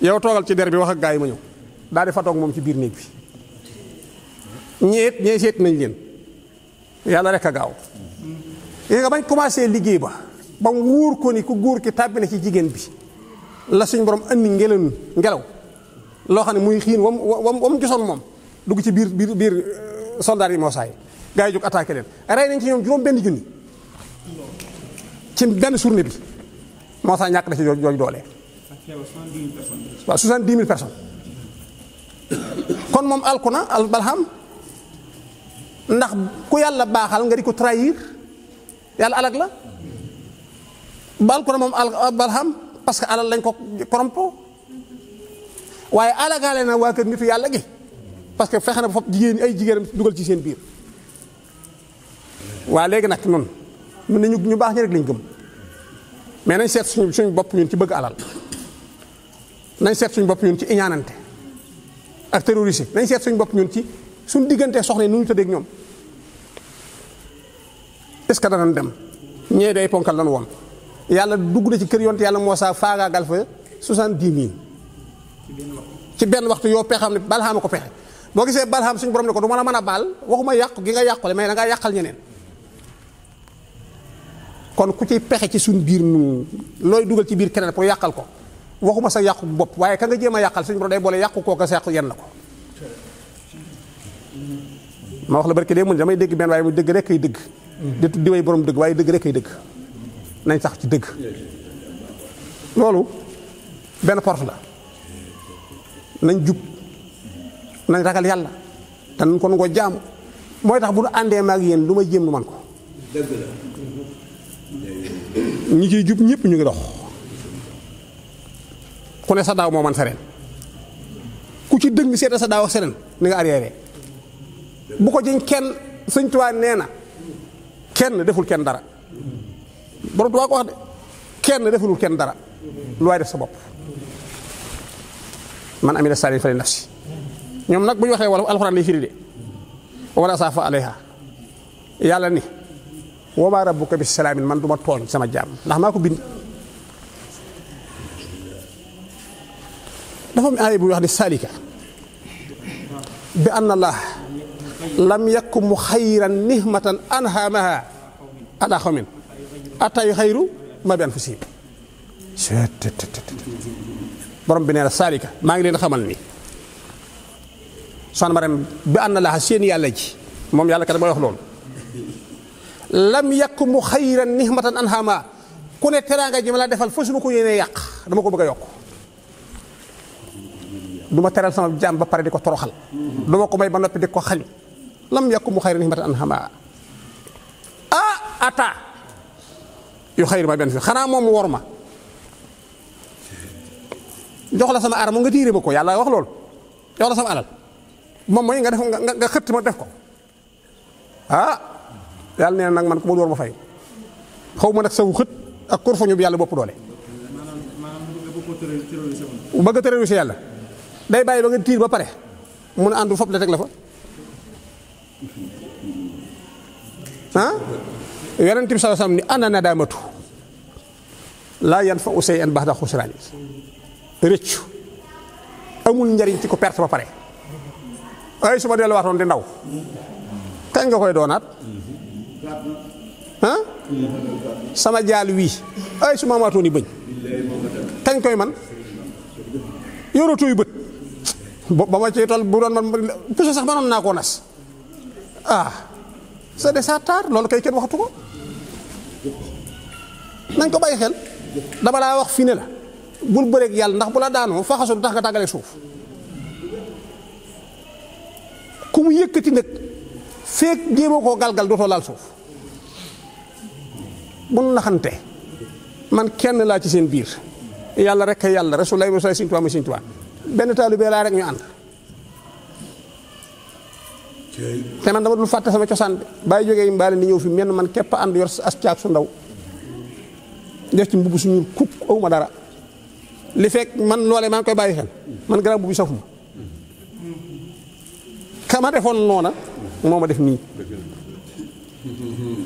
yow toogal ci der bi wax ak gaa yi ma ñëw daal di fa toog moom ci biir néeg bi ñeet ñee nañ leen yàlla rek a gaaw gis nga bañ commencé liggéey ba ba mu wóor ko ni ku góor ki tàbbi na ci jigéen bi la suñ borom andi ngelan ngelaw loo xam ne muy xiin wam wam wam gisoon moom dugg ci biir biir biir soldat yi moo saay gaa yi jóg attaqué leen rey nañ ci ñoom juróom benn junni ci benn journée bi moo sax ñàkk na ci jooju doole. waaw soixante dix mille personnes kon moom alku na al ndax ku yàlla baaxal nga di ko trahir yàlla alag la ba alku na moom al balham parce que alal lañ ko korompo waaye alagaale na waa kër fi yàlla gi parce que fexe na ba foofu jigéen ay jigéenam dugal ci seen biir waa léegi nag noonu. ñun nañu ñu baax ñu rek lañ gëm mais nañ seet suñ suñu bopp ñun ci bëgg alal nañ seet suñ bopp ñun ci iñaanante ak terroriste nañ seet suñu bopp ñun ci suñu diggante soxna yi nu ñu tëddeeg ñoom est-ce que danañ dem ñee day ponkal lan woon yàlla dugg na ci kër yonte yàlla Moussa faagaagal fa soixante-dix mille ci benn waxtu yoo pexam ne balxaama ko pexe boo gisee balxaam suñu borom ne ko du ma la mën a baal waxuma yàqu gi nga yàqu le mais da ngaa yàqal ñeneen kon ku ci pexe ci suñ biir nun looy dugal ci biir keneen pour yàqal ko waxuma sa yàqu bopp waaye ka nga jéem a yàqal suñu borom day boole yàqu kooka sa yàqu yenn la ko ma wax la barke dee mu ne damay dégg benn waaye mu dëgg rek ay dëgg borom dëgg waaye dëgg rek nañ sax ci dëgg loolu benn porte la nañ jub nañ ragal yàlla te nañ ko nangoo jaamu mooy tax bu nu àndee maag yéen lu ma jéem lu man ko ñu ci jub ñëpp ñu ngi dox ku ne sa daaw moo man sa ku ci dëng seeta sa daaw sa ren ni nga arrière bu ko jëñ kenn sëñ Tuubaa nee na kenn deful kenn dara borom Tuubaa ko wax de kenn defulul kenn dara lu waay def sa bopp man amila saalin fa li nafsi ñoom nag bu ñu waxee wala alxuraan lay firi de wala saafa aleyha yàlla ni woobaa rabbuka bi salaamin man du ma tooñ sama jaam ndax maa ko bind dafa am aaya bu wax ne salika bi anna allah lam yakku mu xayran nihmatan anhamaha ala xawmin atay xayru ma bi anfusihim borom bi nee na salika maa ngi leen xamal ni soxna Maram bi anna allah seen yàlla ji moom yàlla kat mooy wax loolu lam yàkk mu xayran nihmatan anhama ku ne teraanga ji ma la defal foo su ma ko yéenee yàq dama ko bëgg a yokk du ma teral sama jaam ba pare di ko toroxal du ma ko may ba noppi di ko xañ lam yàkk mu xayran nihmatan anhama ah ata yu xayr ma benn fi xanaa moom wor ma jox la sama aram nga tiire ma ko yàlla wax loolu jox la sama alal moom mooy nga def nga xëtt ma def ko ah yàlla nee nag man ku ma door ma fay xaw ma nag sawu xët ak kur fañu yàlla bopp doole. bu bëgg a terroriser yàlla day bàyyi ba nga tiir ba pare mun a àndu fop la teg la fa ah yonent bi sallallahu alayhi wasallam ni ana nadaamatu laa yanfa'u shay'an ba'da xusraani rëccu amul njariñ ci ko perte ba pare ay su ma delluwaatoon di ndaw kañ nga koy doonaat ah sama jaal wii ay su ma amaatoon bëñ kañ koy man yoratooyu bët ba ma ci tol bu doon man puso sax manoon naa koo nas ah c'est de sa taar loolu kay kenn waxatu ko nañ ko bàyyi xel dama laa wax fii ne la bul bëreeg yàlla ndax bu la daanoo faxasul tax nga tàggaleeg suuf ku mu yëkkati nag feek jéemoo koo galgal dootoo laal suuf bun naxante man kenn laa ci seen biir yàlla rek a yàlla rasulullah rasulullah Sëñ Tuubaa mooy Sëñ Tuubaa benn taalibe laa rek ñu ànd te man dama dul fàtte sama cosaan bi bàyyi jógee mbaale ni ñëw fi menn man képp ànd yor as caag su ndaw def ci mbubb suñu kukk awuma dara li fekk man loole maa ngi koy bàyyi xel man garab bu bi safuma kama defoon noona moma def ni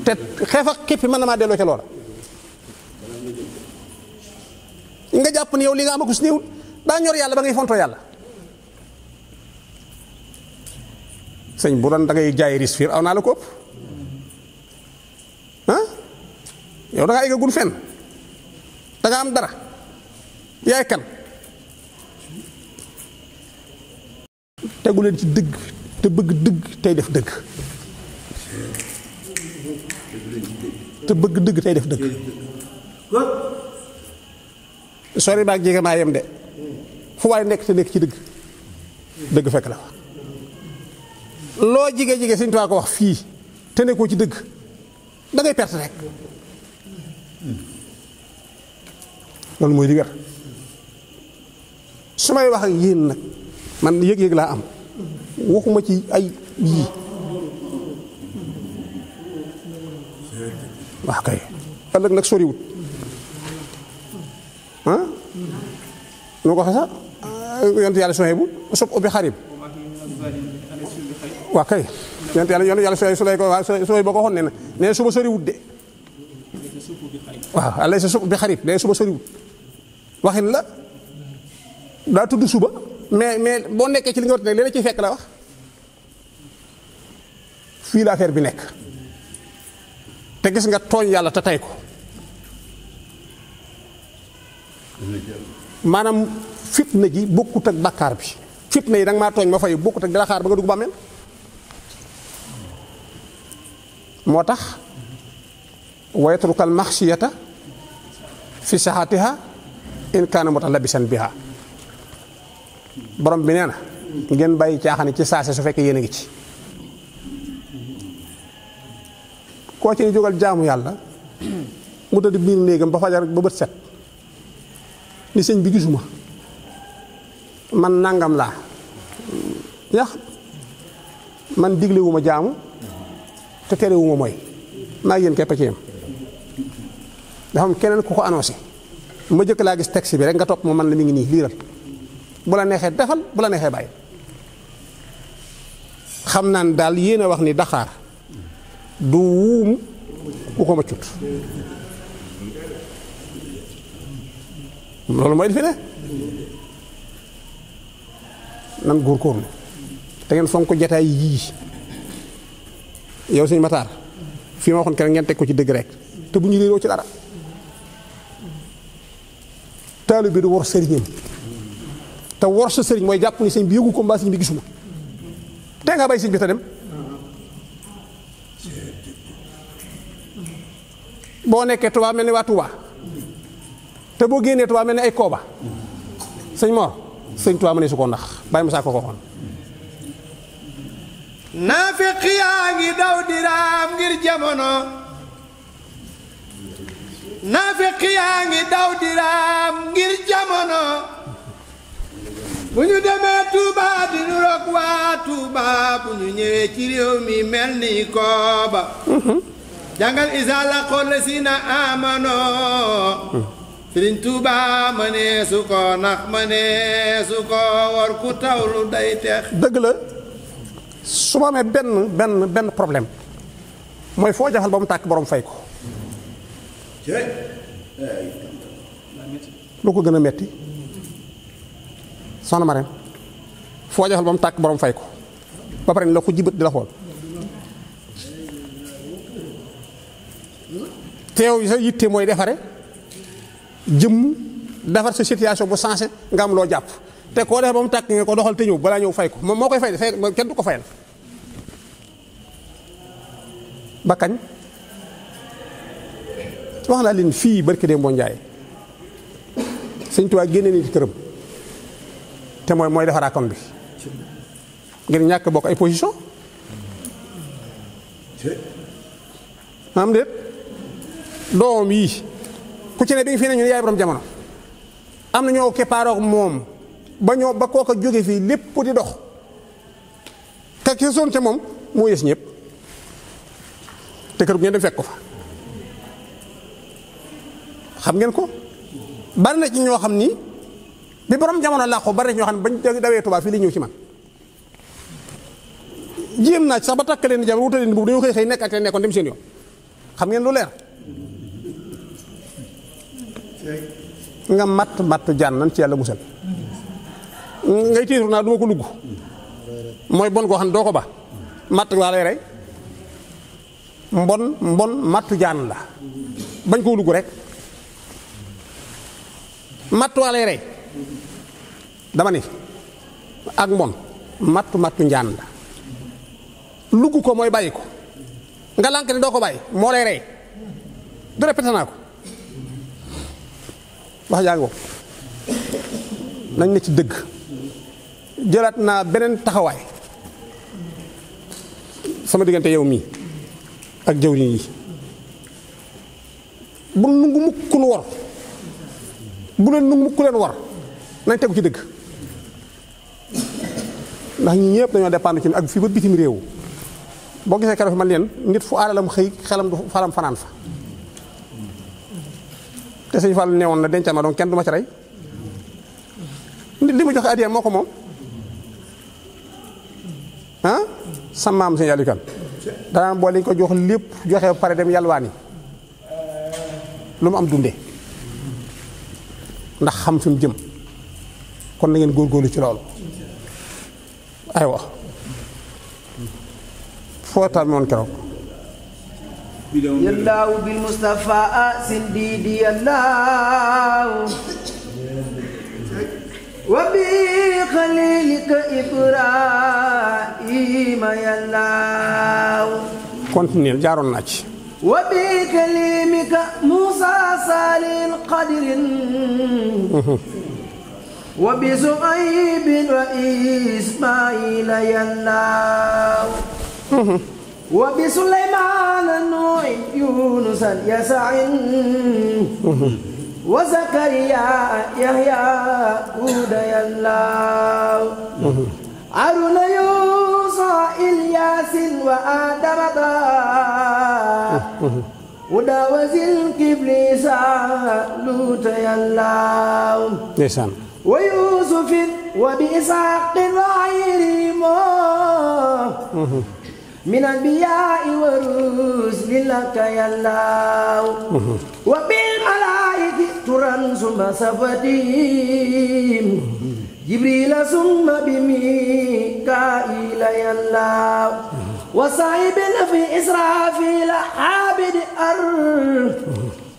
te xef ak képpi man na maa delloo ca loola nga japp ni yow li nga ko néewut da ñor yalla ba ngay fonto yalla señ bu doon da ngay jaay ris fi awna la ko yow da nga fen da nga am dara yaay kan tegulen ci deug te bëgg dëgg tey def dëgg te bëgg dëgg tey def dëgg sori baag jege maa yem de fu waaye nekk te nekk ci dëgg dëgg fekk la fa loo jige jige Sëñ Tuubaa ko wax fii te nekkoo ci dëgg da ngay perte rek loolu mooy li wér su may wax ak yéen nag man yëg-yëg laa am waxuma ci ay yii wax kay ëllëg nag soriwut ah nu ko xa sax yonent yàlla soxe bu sob ubbi xarib waa kay yonent yàlla yonent yàlla soriwut de waaw alay sa suq bi xarib nee suba soriwut waxin la daa tudd suba mais mais boo nekkee ci li nga war nekk léeg-léeg ci fekk la wax fii la affaire bi nekk te gis nga tooñ yàlla te tey ko maanaam fitna ji bokkut ak bàkkaar bi fitna yi danga maa tooñ ma fay bokkut ak di ba nga dugg bàmmeel moo tax wayatrukal maxsiyata fi saxaatiha in kaana mutalabisan biha borom bi neena ngeen bayyi chaaxani ci saase su fekkee yéen a ngi ci koo ci jógal jaamu yàlla mu tëdd biir néegam ba fajar ba bët set ni sëñ bi gisuma man nangam laa yax man digle wuma jaamu te tere wuma mooy maa yéen kay ci yam dafa am keneen ku ko annoncé ma jëkk laa gis taxi bi rek nga topp ma man la mi ngi nii liiral bu la neexee defal bu la neexee bàyyi xam naa ne daal yéen a wax ni daqaar du wuum ku ko maccut loolu mooy li fi ne nan góorgóorlu te ngeen fonk jataay yii yow suñu mataar fii ma waxoon kenn ngeen teg ko ci dëgg rek te bu ñu réeroo ci dara taalu bi du wor sëriñam te wor sa sëriñ mooy jàpp ni sëñ bi yëgu ko mbaa bi gisuma te nga bàyyi sëñ bi te dem boo nekkee Touba mel ni waa Touba te boo génnee Touba mel ni ay Kooba sëñ Mor sëñ Touba ma ne su ko ndax bàyyi ma saa ko ko xoon naafiq yaa ngi daw di raam ngir jamono naafiq yaa ngi daw di raam ngir jamono bu ñu demee Touba di nu waa Touba bu ñu ñëwee ci réew mi mel ni kooba mhm. jàngal isa la xool si na amano mhm. sëriñ Touba ma ne su ko nax ma ne su ko war ku tawlu day teex dëgg la su ma amee benn benn benn problème mooy foo jafal ba mu tàkk borom fay ko lu ko gën a metti soxna Marème foo joxal ba mu tàkk borom fay ko ba pare la ko jibat di la xool teew sa yitte mooy defare jëmm defar sa situation bu sensé nga am loo jàpp te koo def ba mu tàkk nga ko doxal te ñëw balaa ñëw fay ko moom moo koy fay de fay kenn du ko fayal ba kañ wax naa leen fii barke Demba Ndiaye sëñ Tuubaa génne ni ci këram. te mooy mooy defar akon bi ngir ñàkk bokk ay position am déet doom yi ku ci ne bi nga fi ne ñu yaay borom jamono am na ñoo keppaarook moom ba ñoo ba kooka jóge fii lépp di dox te ki soon ca moom moo ñëpp te kër gu ngeen dem fekk ko fa xam ngeen ko bari na ci ñoo xam ni bi borom jamono ko bari ñu xam ne bañ dawe tuba fi li ñëw ci man jéem na sax ba takk ni jabar wutal ni bu dañoo koy xey nekk ak leen nekkoon dem seen yoon xam ngeen lu leer nga mat mat ci yalla musal ngay tiru na duma ko lugu moy bon koo xam do ko ba mat la lay ray mbon mbon mat jann la bañ ko lugu rek mat lay dama ne ak mbon mattu mattu njaan la lugg ko mooy bàyyi ko nga lànk ne doo ko bàyyi moo lay rey du répété naa ko wax jaa ngi nañ ne ci dëgg jëlaat naa beneen taxawaay sama diggante yow mii ak jëwriñ yi bu nungu mukk nu war bu leen nungu mukk leen nañ tegu ci dëgg ndax ñi ñëpp dañoo dépendre ci ak fii ba bitim réew boo gisee keroog man leen nit fu aalalam xëy xelam du fanaan fa te sëñ Fall neewoon na dencal ma donc kenn du ma ci rey nit li mu joxe addiya moo ko moom ah sa maam sëñ Aliou Kan ko jox lépp joxe ba pare dem yalwaani lu mu am dunde ndax xam fi jëm kon na ngeen góorgóorlu ci loolu aywa foo taal moon keroog yallaahu bil mustafaa sindiidi yallaahu wa bi xaliilika ibrahima yallaahu continuer jaaroon naa wa bi kalimika muusa saalil qadirin mhm. وبزعيب وإسماعيل يلاو وبسليمان نوح يونس يسع وزكريا يحيى هود يلاو أرون يوسى إلياس وآدم ودا وزيل كبليسا لوت يلاو ويوسف وبإسحاق وغيرهما من الأنبياء والرسل لك يا الله وبالملائكة ترن ثم صفتهم جبريل ثم بميكائيل يا الله وصاحب في إسرافيل عابد أرض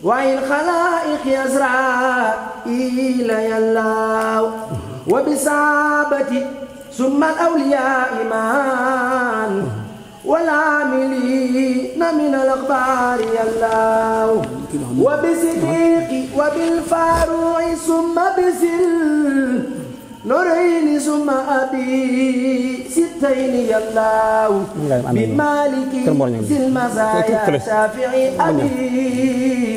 والخلائق يزرع إلى الله وبصحابة ثم الأولياء إيمان والعاملين من الأخبار يلاو وبصديق وبالفاروع ثم بزل نورين ثم أبي ستين يلاو بمالك ذي المزايا شافعي أبي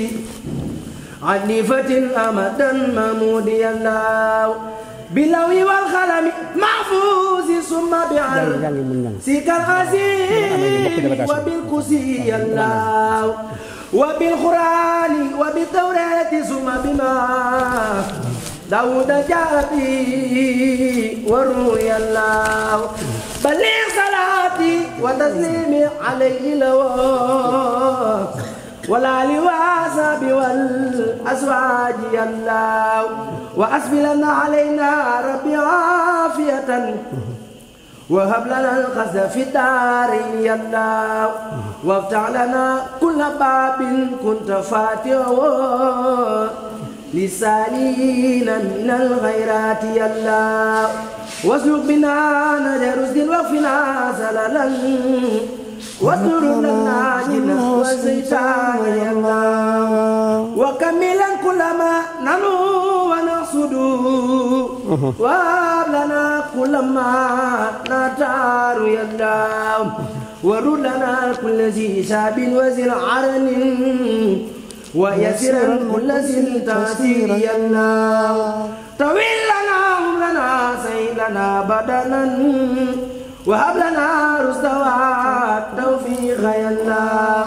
عنيفة أمدا ممودي الله باللوي والقلم محفوظ ثم بعلم سيك العزيز وبالكسي الله وبالقرآن وبالتوراة ثم بما داود جاء به وروي الله بلغ صلاتي وتسليمي عليه لو والآل وأصحاب والأزواج الله وأسب لنا علينا ربي عافية وهب لنا الخزى في الدار يا الله وافتح لنا كل باب كنت فاتحه لسالينا من الغيرات يا الله واسلك بنا نجر الدين واغفنا زللا وسر الناجنا والزيتان يلا وكملا كل ما ننو ونقصد وابلنا كل ما نتار يدا وردنا كل ذي شاب وزر عرن ويسرا كل ذي تأثير يلا طويل لنا عمرنا سيدنا بدنا وهب لنا رسوات توفيق يا الله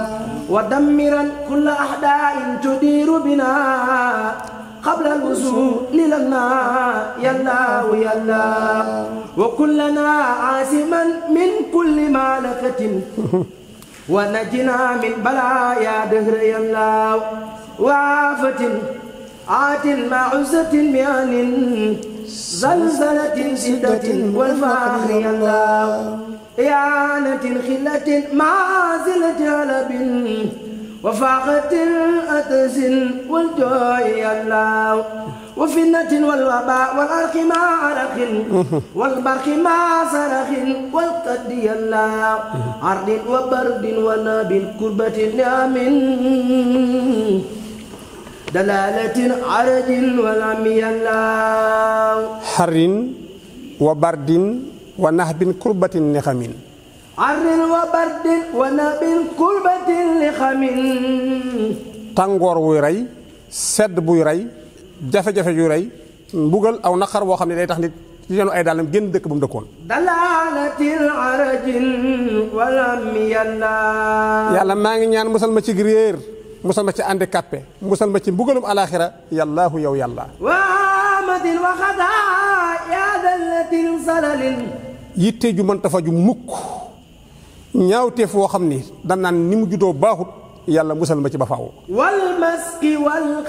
ودمرا كل أحداء تدير بنا قبل الوصول لنا يا الله يا الله وكلنا عاصما من كل مالكة ونجنا من بلايا دهر يا الله وعافة مع عزة ميان زلزلة شدة والفاخر الله إعانة خلة معازلة هلب وفاقة أتس والجوع الله وفتنة والوباء والأرخ ما أرخ والبرخ ما سرخ والقد الله عرض وبرد وناب الكربة نام dalalatin arjin walam yallaw harin wa bardin wa nahbin kurbatin nikhamin arin wa bardin wa nahbin kurbatin nikhamin tangor wu ray sedd bu ray jafé jafé yu ray mbugal aw nakhar bo xamni day tax nit ci ñu ay dalam genn dekk bu mu dekkon dalalatil arajin walam yalla yalla ma ngi ñaan musal ci reer musal ma ci handicapé musal ma ci mbugalum alaxira yàllaahu yow yàlla waamatin waxada yadallatin ju mënta faju mukk xam ni danaan ni mu juddoo baaxut yàlla musal ma ci ba faaw wal maski wal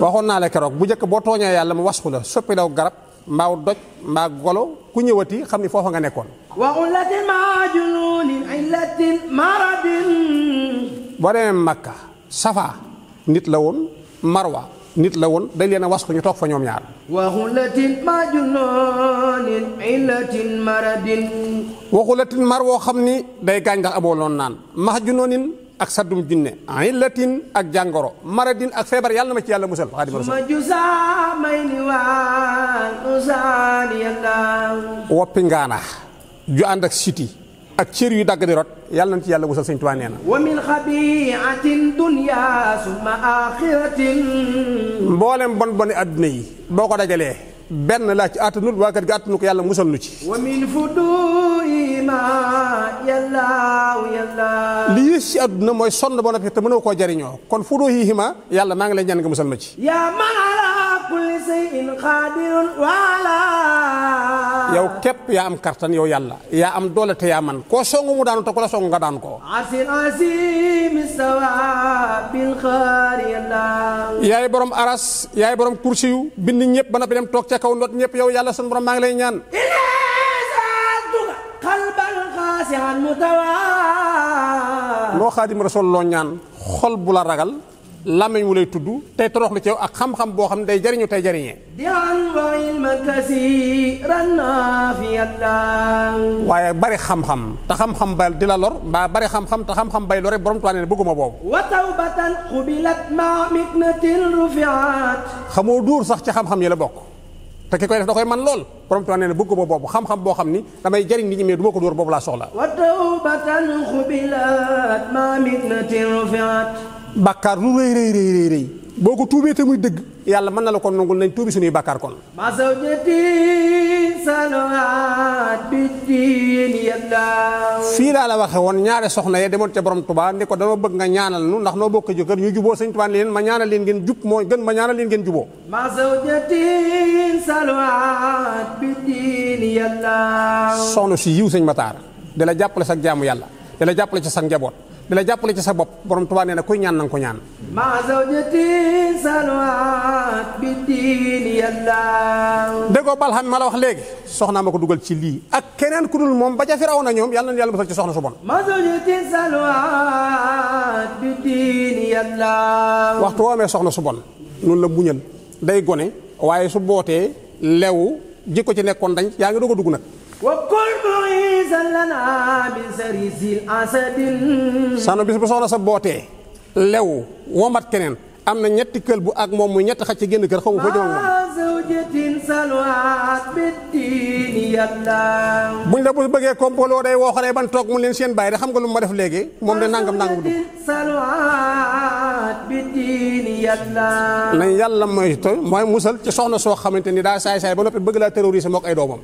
waxoon naa la keroog bu njëkk boo tooñee yàlla mu wasxu la soppi daw garab mbaaw doj mbaa golo ku ñëwati xam ni foofa nga nekkoon wa ullatin maa junuunin illatin maradin boo demee Makka Safa nit la woon Marwa nit la woon dañ leen a was ko ñu toog fa ñoom ñaar wa woo xam ni day gaañ naan max junoonin ak saddum junne illatin ak jàngoro maradin ak feebar yàlla na ma ci yàlla musal xaadima rasul woppi ngaana ju ànd ak siti ak cër yu dagg di rot yàlla nañ ci yàlla musal sëñ Tuubaa nee na wa min xabiatin dunya summa axiratin mboolem bon boni adduna yi boo ko dajalee benn laa ci àttanul waa kat gi àttanu ko yàlla musal nu ci wa min fudui ma yàllaaw yàllaaw li yées ci àdduna mooy sonn ba noppi te mënoo ko jariñoo kon fuduu yi hima yàlla maa ngi lay ñaan musal ma ci kulli shay'in qadirun wa ala yow ya am kartan yow yalla ya am dole te yaa man koo songu mu daanu te ku la songu nga daan ko asin asim sawabil khariyallah yaay borom aras yaay borom kursiyu bind ñëpp ba noppi dem tok ca kaw ndot ñëpp yow yàlla sun borom maa ngi lay ñaan qalban khasihan rasul lo ñaan xol bu la ragal làmmiñ wu lay tudd tey toroxlu ci ak xam-xam boo xam ne day jariñu tey jariñee waaye bari xam-xam te xam-xam bay di la lor mbaa bari xam-xam te xam-xam bay lore borom tuwaa ne bëgguma boobu wa xamoo duur sax ci xam-xam yi la bokk te ki koy da man lool borom Tuubaa nee na bëgg ko boobu xam-xam boo xam ni damay jëriñ nit ñi mais du ko dóor boobu laa soxla wa tawbatan xubilat ma mitnatin rufiat bàkkaar lu rëy rëy rëy boo ko tuubee te muy dëgg yàlla mën na la ko nangul nañ tuubi suñuy bàkkaar kon ma zawjati salaat bi diin yalla fii laa la waxe woon ñaare soxna ye demoon ca borom Tuubaa ni ko danoo bëgg nga ñaanal nu ndax noo bokk jëkkër ñu juboo sëñ Tuubaa leen ma ñaanal leen ngeen jub moo gën ma ñaanal leen ngeen juboo ma zawjati si yiw sëñ Mataar di la jàppale sa jaamu yàlla di la jàppale ci sa njaboot di la jàppale ci sa bopp borom Tuubaa nee na kuy ñaan nanga ko ñaan ma zawjati déggoo bal xam ma la wax léegi soxnaa ma ko dugal ci lii ak keneen ku moom ba ca firaw na ñoom yàlla na yàlla musal ci soxna su bon ma zawjati waxtu woo amee soxna su bon noonu la muñal day gone waaye su bootee lewu jikko ci nekkoon dañ yaa ngi doog a dugg nag sànn bis bu soxna sa bootee lew womat keneen am na ñetti kël bu ak moom muy ñetti xaj ci génn kër xaw ma foo jëm moom buñ la day woo xale ban toog mu leen seen bàyyi de xam nga lu ma def léegi moom de nangam nangam du nañ yàlla mooy to mooy musal ci soxna soo xamante ni daa saay saay ba noppi bëgg laa terroriser moo ak ay doomam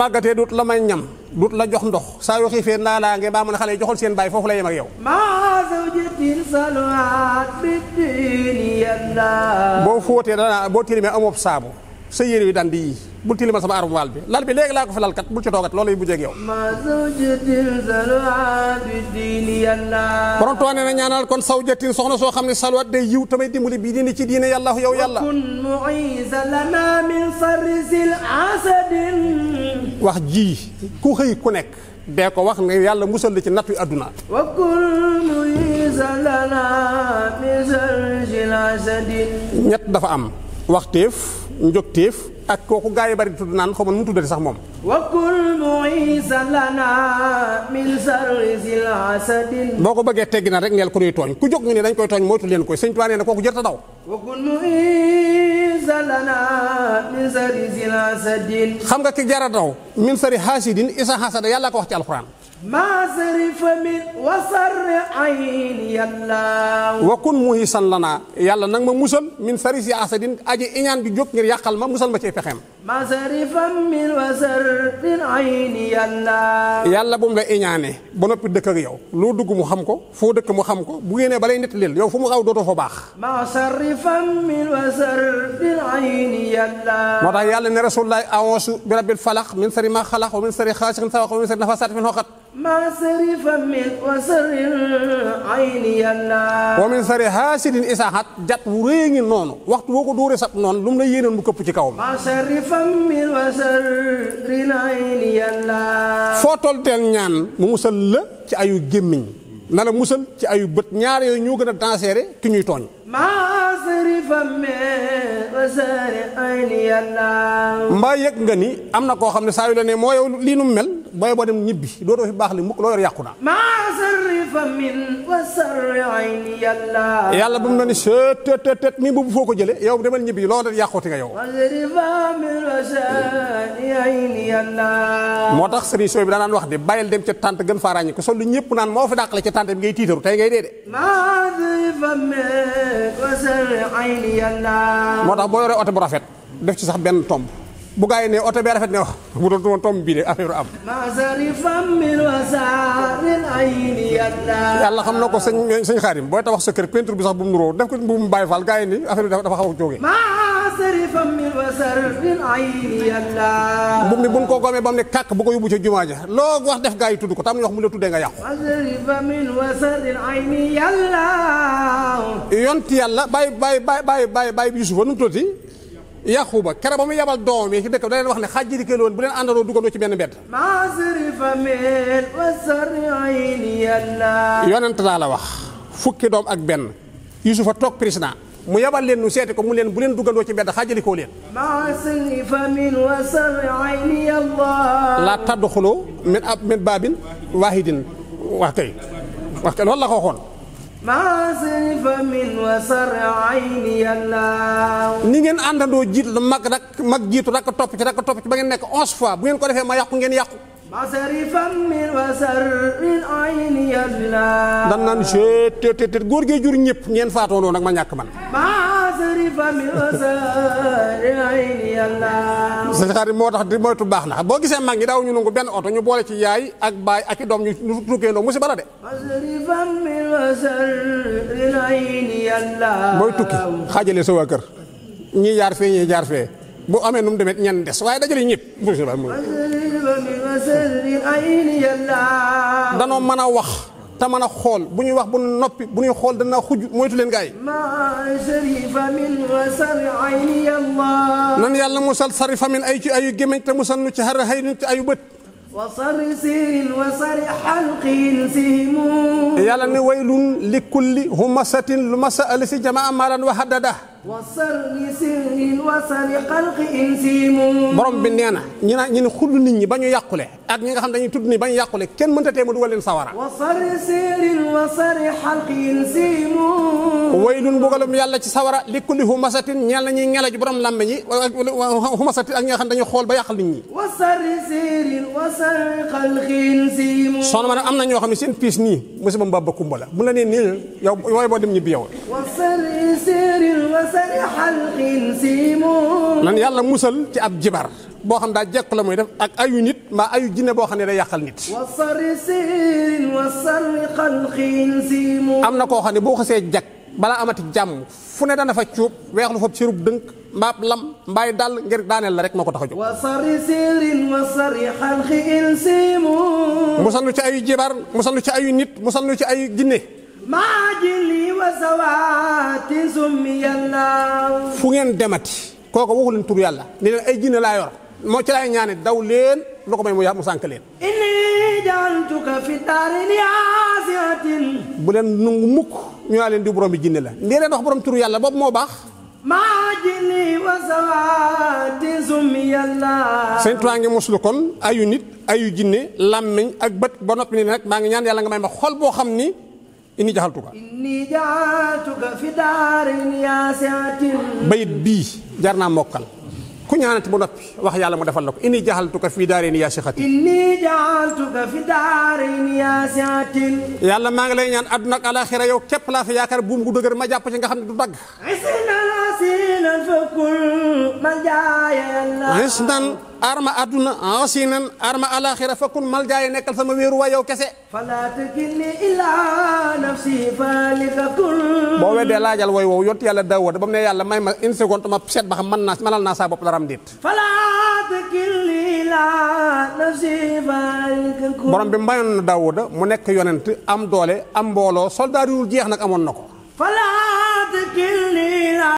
màggatee dut la may ñam dut la jox ndox saa yoo xiifee naa laa nge baa mën a xale joxol seen baay foofu la yem ak yow boo fóotee dana boo tilimee amob saabu sa yére yu dandi yi bul tilimal sama armoire bi lal bi léegi laa ko fi lalkat bul ci toogat loolu yi mujjee ak yow. borom tuwaa nee na kon sawjatin soxna soo xam ne salwat day yiw tamay dimbali bii diini ci diine yàlla yow yàlla. wax ji ku xëy ku nekk dee wax ne yàlla musal la ci nattu àdduna. ñett dafa am waxteef. njogteef ak kooku gaa yi bari tudd naan xaw ma mu tuddati sax moom wa boo ko bëggee teggi na rek neel ku nuy tooñ ku jóg nga ne dañ koy tooñ moytu leen koy sëñ Tuubaa nee na kooku jërta daw xam nga ki jara daw min sari hasidin isa hasada yàlla ko wax ci alxuraan ما زرف من وصر عين يلا وكن مهيسا لنا يلا نعم مسل من سريس عسدين اجي إنيان بجوك jog ngir yakal ma musal ma masarifam min wasar min yàlla yàlla mu la iñaane ba noppi dëkk yow loo dugg mu xam ko foo dëkk mu xam ko bu ngeen ne balay nettalil yow fu mu aw dootoo fa baax masarifam min yàlla moo tax yàlla ne rasulullahi awosu bi rabbil falaq min sari ma xalaq wa min sari xaasiqin sawaq wa min sari nafasaat fil xoqat masarifam min wasar ayni yàlla wa min sari isaaxat jat wu rëy ngi noonu waxtu woo ko dóoree sab noon lu mu la yéenoon mu këpp ci kawam foo tolteel ñaan mu musal la ci ayu gémmiñ na la musal ci ayu bët ñaar yooyu ñoo gën a danseere ki ñuy tooñ mbaa yëg nga ni am na koo xam ne saa yu la ne moo yow lii nu mel booy boo dem ñibbi doo doo fi baax li mukk loo yor yàqu naa yàlla bu mu ne ni sët tët tët tët mii boobu foo ko jële yow demal ñibbi loo def yàqooti nga yow moo tax sëriñ sooy bi daanaan wax di bàyyil dem ca tànt gën faa ràññi ko sol lu ñëpp naan moo fi dàqale ca tànt bi ngay tiitaru tey ngay dee de moo tax boo yoree oto bu rafet def ci sax benn tomb bu gaa yi ne oto bee rafet ne wax bu doon doon tomb bii de affaire am. yàlla xam na ko sëñ sëñ Xaadim booy tabax sa kër peinture bi sax bu mu nuroo def ko bu baay bàyyi faal gaa yi ni affaire bi dafa xaw a jógee. bu mu ne bu ko gomee ba mu ne kàkk bu ko yóbbu ca jumaa ja loo wax def gaa yi tudd ko tam ñu wax mu la tuddee nga yàqu. yonti yàlla bàyyi bàyyi bàyyi bàyyi bàyyi bi Yusufa nu mu yaxuba kere ba mu yebal doom yi ci dëkk da leen wax ne xaj di kël woon bu leen àndandoo duggandoo ci benn mbedd yonent laa la wax fukki doom ak benn yusufa toog président mu yabal leen nu seeti ko mu leen bu leen duggandoo ci mbedd xaajali koo leen laa tadduxuloo min ab min baabin waahidin wax kay wax kay loolu la ko waxoon ni ngeen àndandoo jiit la mag rak mag jiitu rak topp ci rak topp ci ba ngeen nekk onze fois bu ngeen ko defee ma yàqu ngeen yàqu dan naan jé góor gee jur ñëpp ngeen faatoo noonu nag ma ñàkk man. sa moo tax di moytu baax na boo gisee mag ñi daaw ñu nangu benn oto ñu boole ci yaay ak baay ak i doom ñu ñu tukkee ndox musiba de. booy tukki xaajale sa waa kër ñii jaar fee ñii jaar fee. boo amee nu mu demee ñan des waaye dajale ñëpp. danoo mën a wax te mën a xool bu ñuy wax bu noppi bu ñuy xool danaa xuj moytu leen gaay nan yàlla musal sarifa min ay ci ayu gémmiñ te musal nu ci xar xëy nu ci ayu bët. وصرسين وصر حلقي سهمو يلا ني ويل لكل همسة لمسة لسي جماعة مالا وحددا وصرسين وصر حلقي سهمو مرم بن نينا نينا نين خلو نين ني بانيو ياقلي اك نيغا خاندي تود ني بان ياقلي كين مونتا تي مودو ولين ساوارا وصرسين وصر حلقي سهمو ويل بوغلوم soxna ma ne am na ñoo xam ne seen piis nii musiba mbaba kumba la bu la nee nii yow waaye boo dem ñibbi yow nan yàlla musal ci ab jibar boo xam daa jekku la muy def ak ayu nit mbaa ayu jinne boo xam ne da yàqal nit am na koo xam ne boo xasee jag balaa amati jàmm fu ne dana fa cuub weex lu fab dënk mbaab lam mbaay dàll ngir daaneel la rek moo ko tax a jóg musal nu ci ay jibar musal nu ci ay nit musal nu ci ay jinne fu ngeen demati kooku waxu leen tur yàlla ni leen ay jinne laa yor moo ci laay ñaane daw leen lu ko may mu yàq mu sànk leen bu leen nungu mukk ñu naa leen di borom bi jinne la ndee leen wax borom tur yàlla boobu moo baax sëñ Tuubaa ngi muslu kon ayu nit ayu jinne làmmiñ ak bët ba noppi ni nag maa ngi ñaan yàlla nga may ma xol boo xam ni inni jaxaltuka bayit bii jar naa mokkal ku ñaanati ba noppi wax yàlla mu defal la ko inni jaxaltuka fi daarayni yaasixatin inni jaxaltuka fi daarayni yaasixatin yàlla maa ngi lay ñaan àdduna ak alaxira yow képp laa fi yaakaar buum gu dëgër ma jàpp ci nga xam ne du dagg isnan asilan fa kun ma jaaya aar ma àdduna asinan aar ma alaaxira fa kun mal jaay nekkal sama wéeruwaay yow kese. boo weddee laajal wooy woowu yott yàlla Daawuda ba mu ne yàlla may ma une seconde ma seet ba xam mën naa mënal naa saa bopp dara am déet. borom bi mayoon na Daawuda mu nekk yonent am doole am mbooloo soldaar yu jeex nag amoon na ko.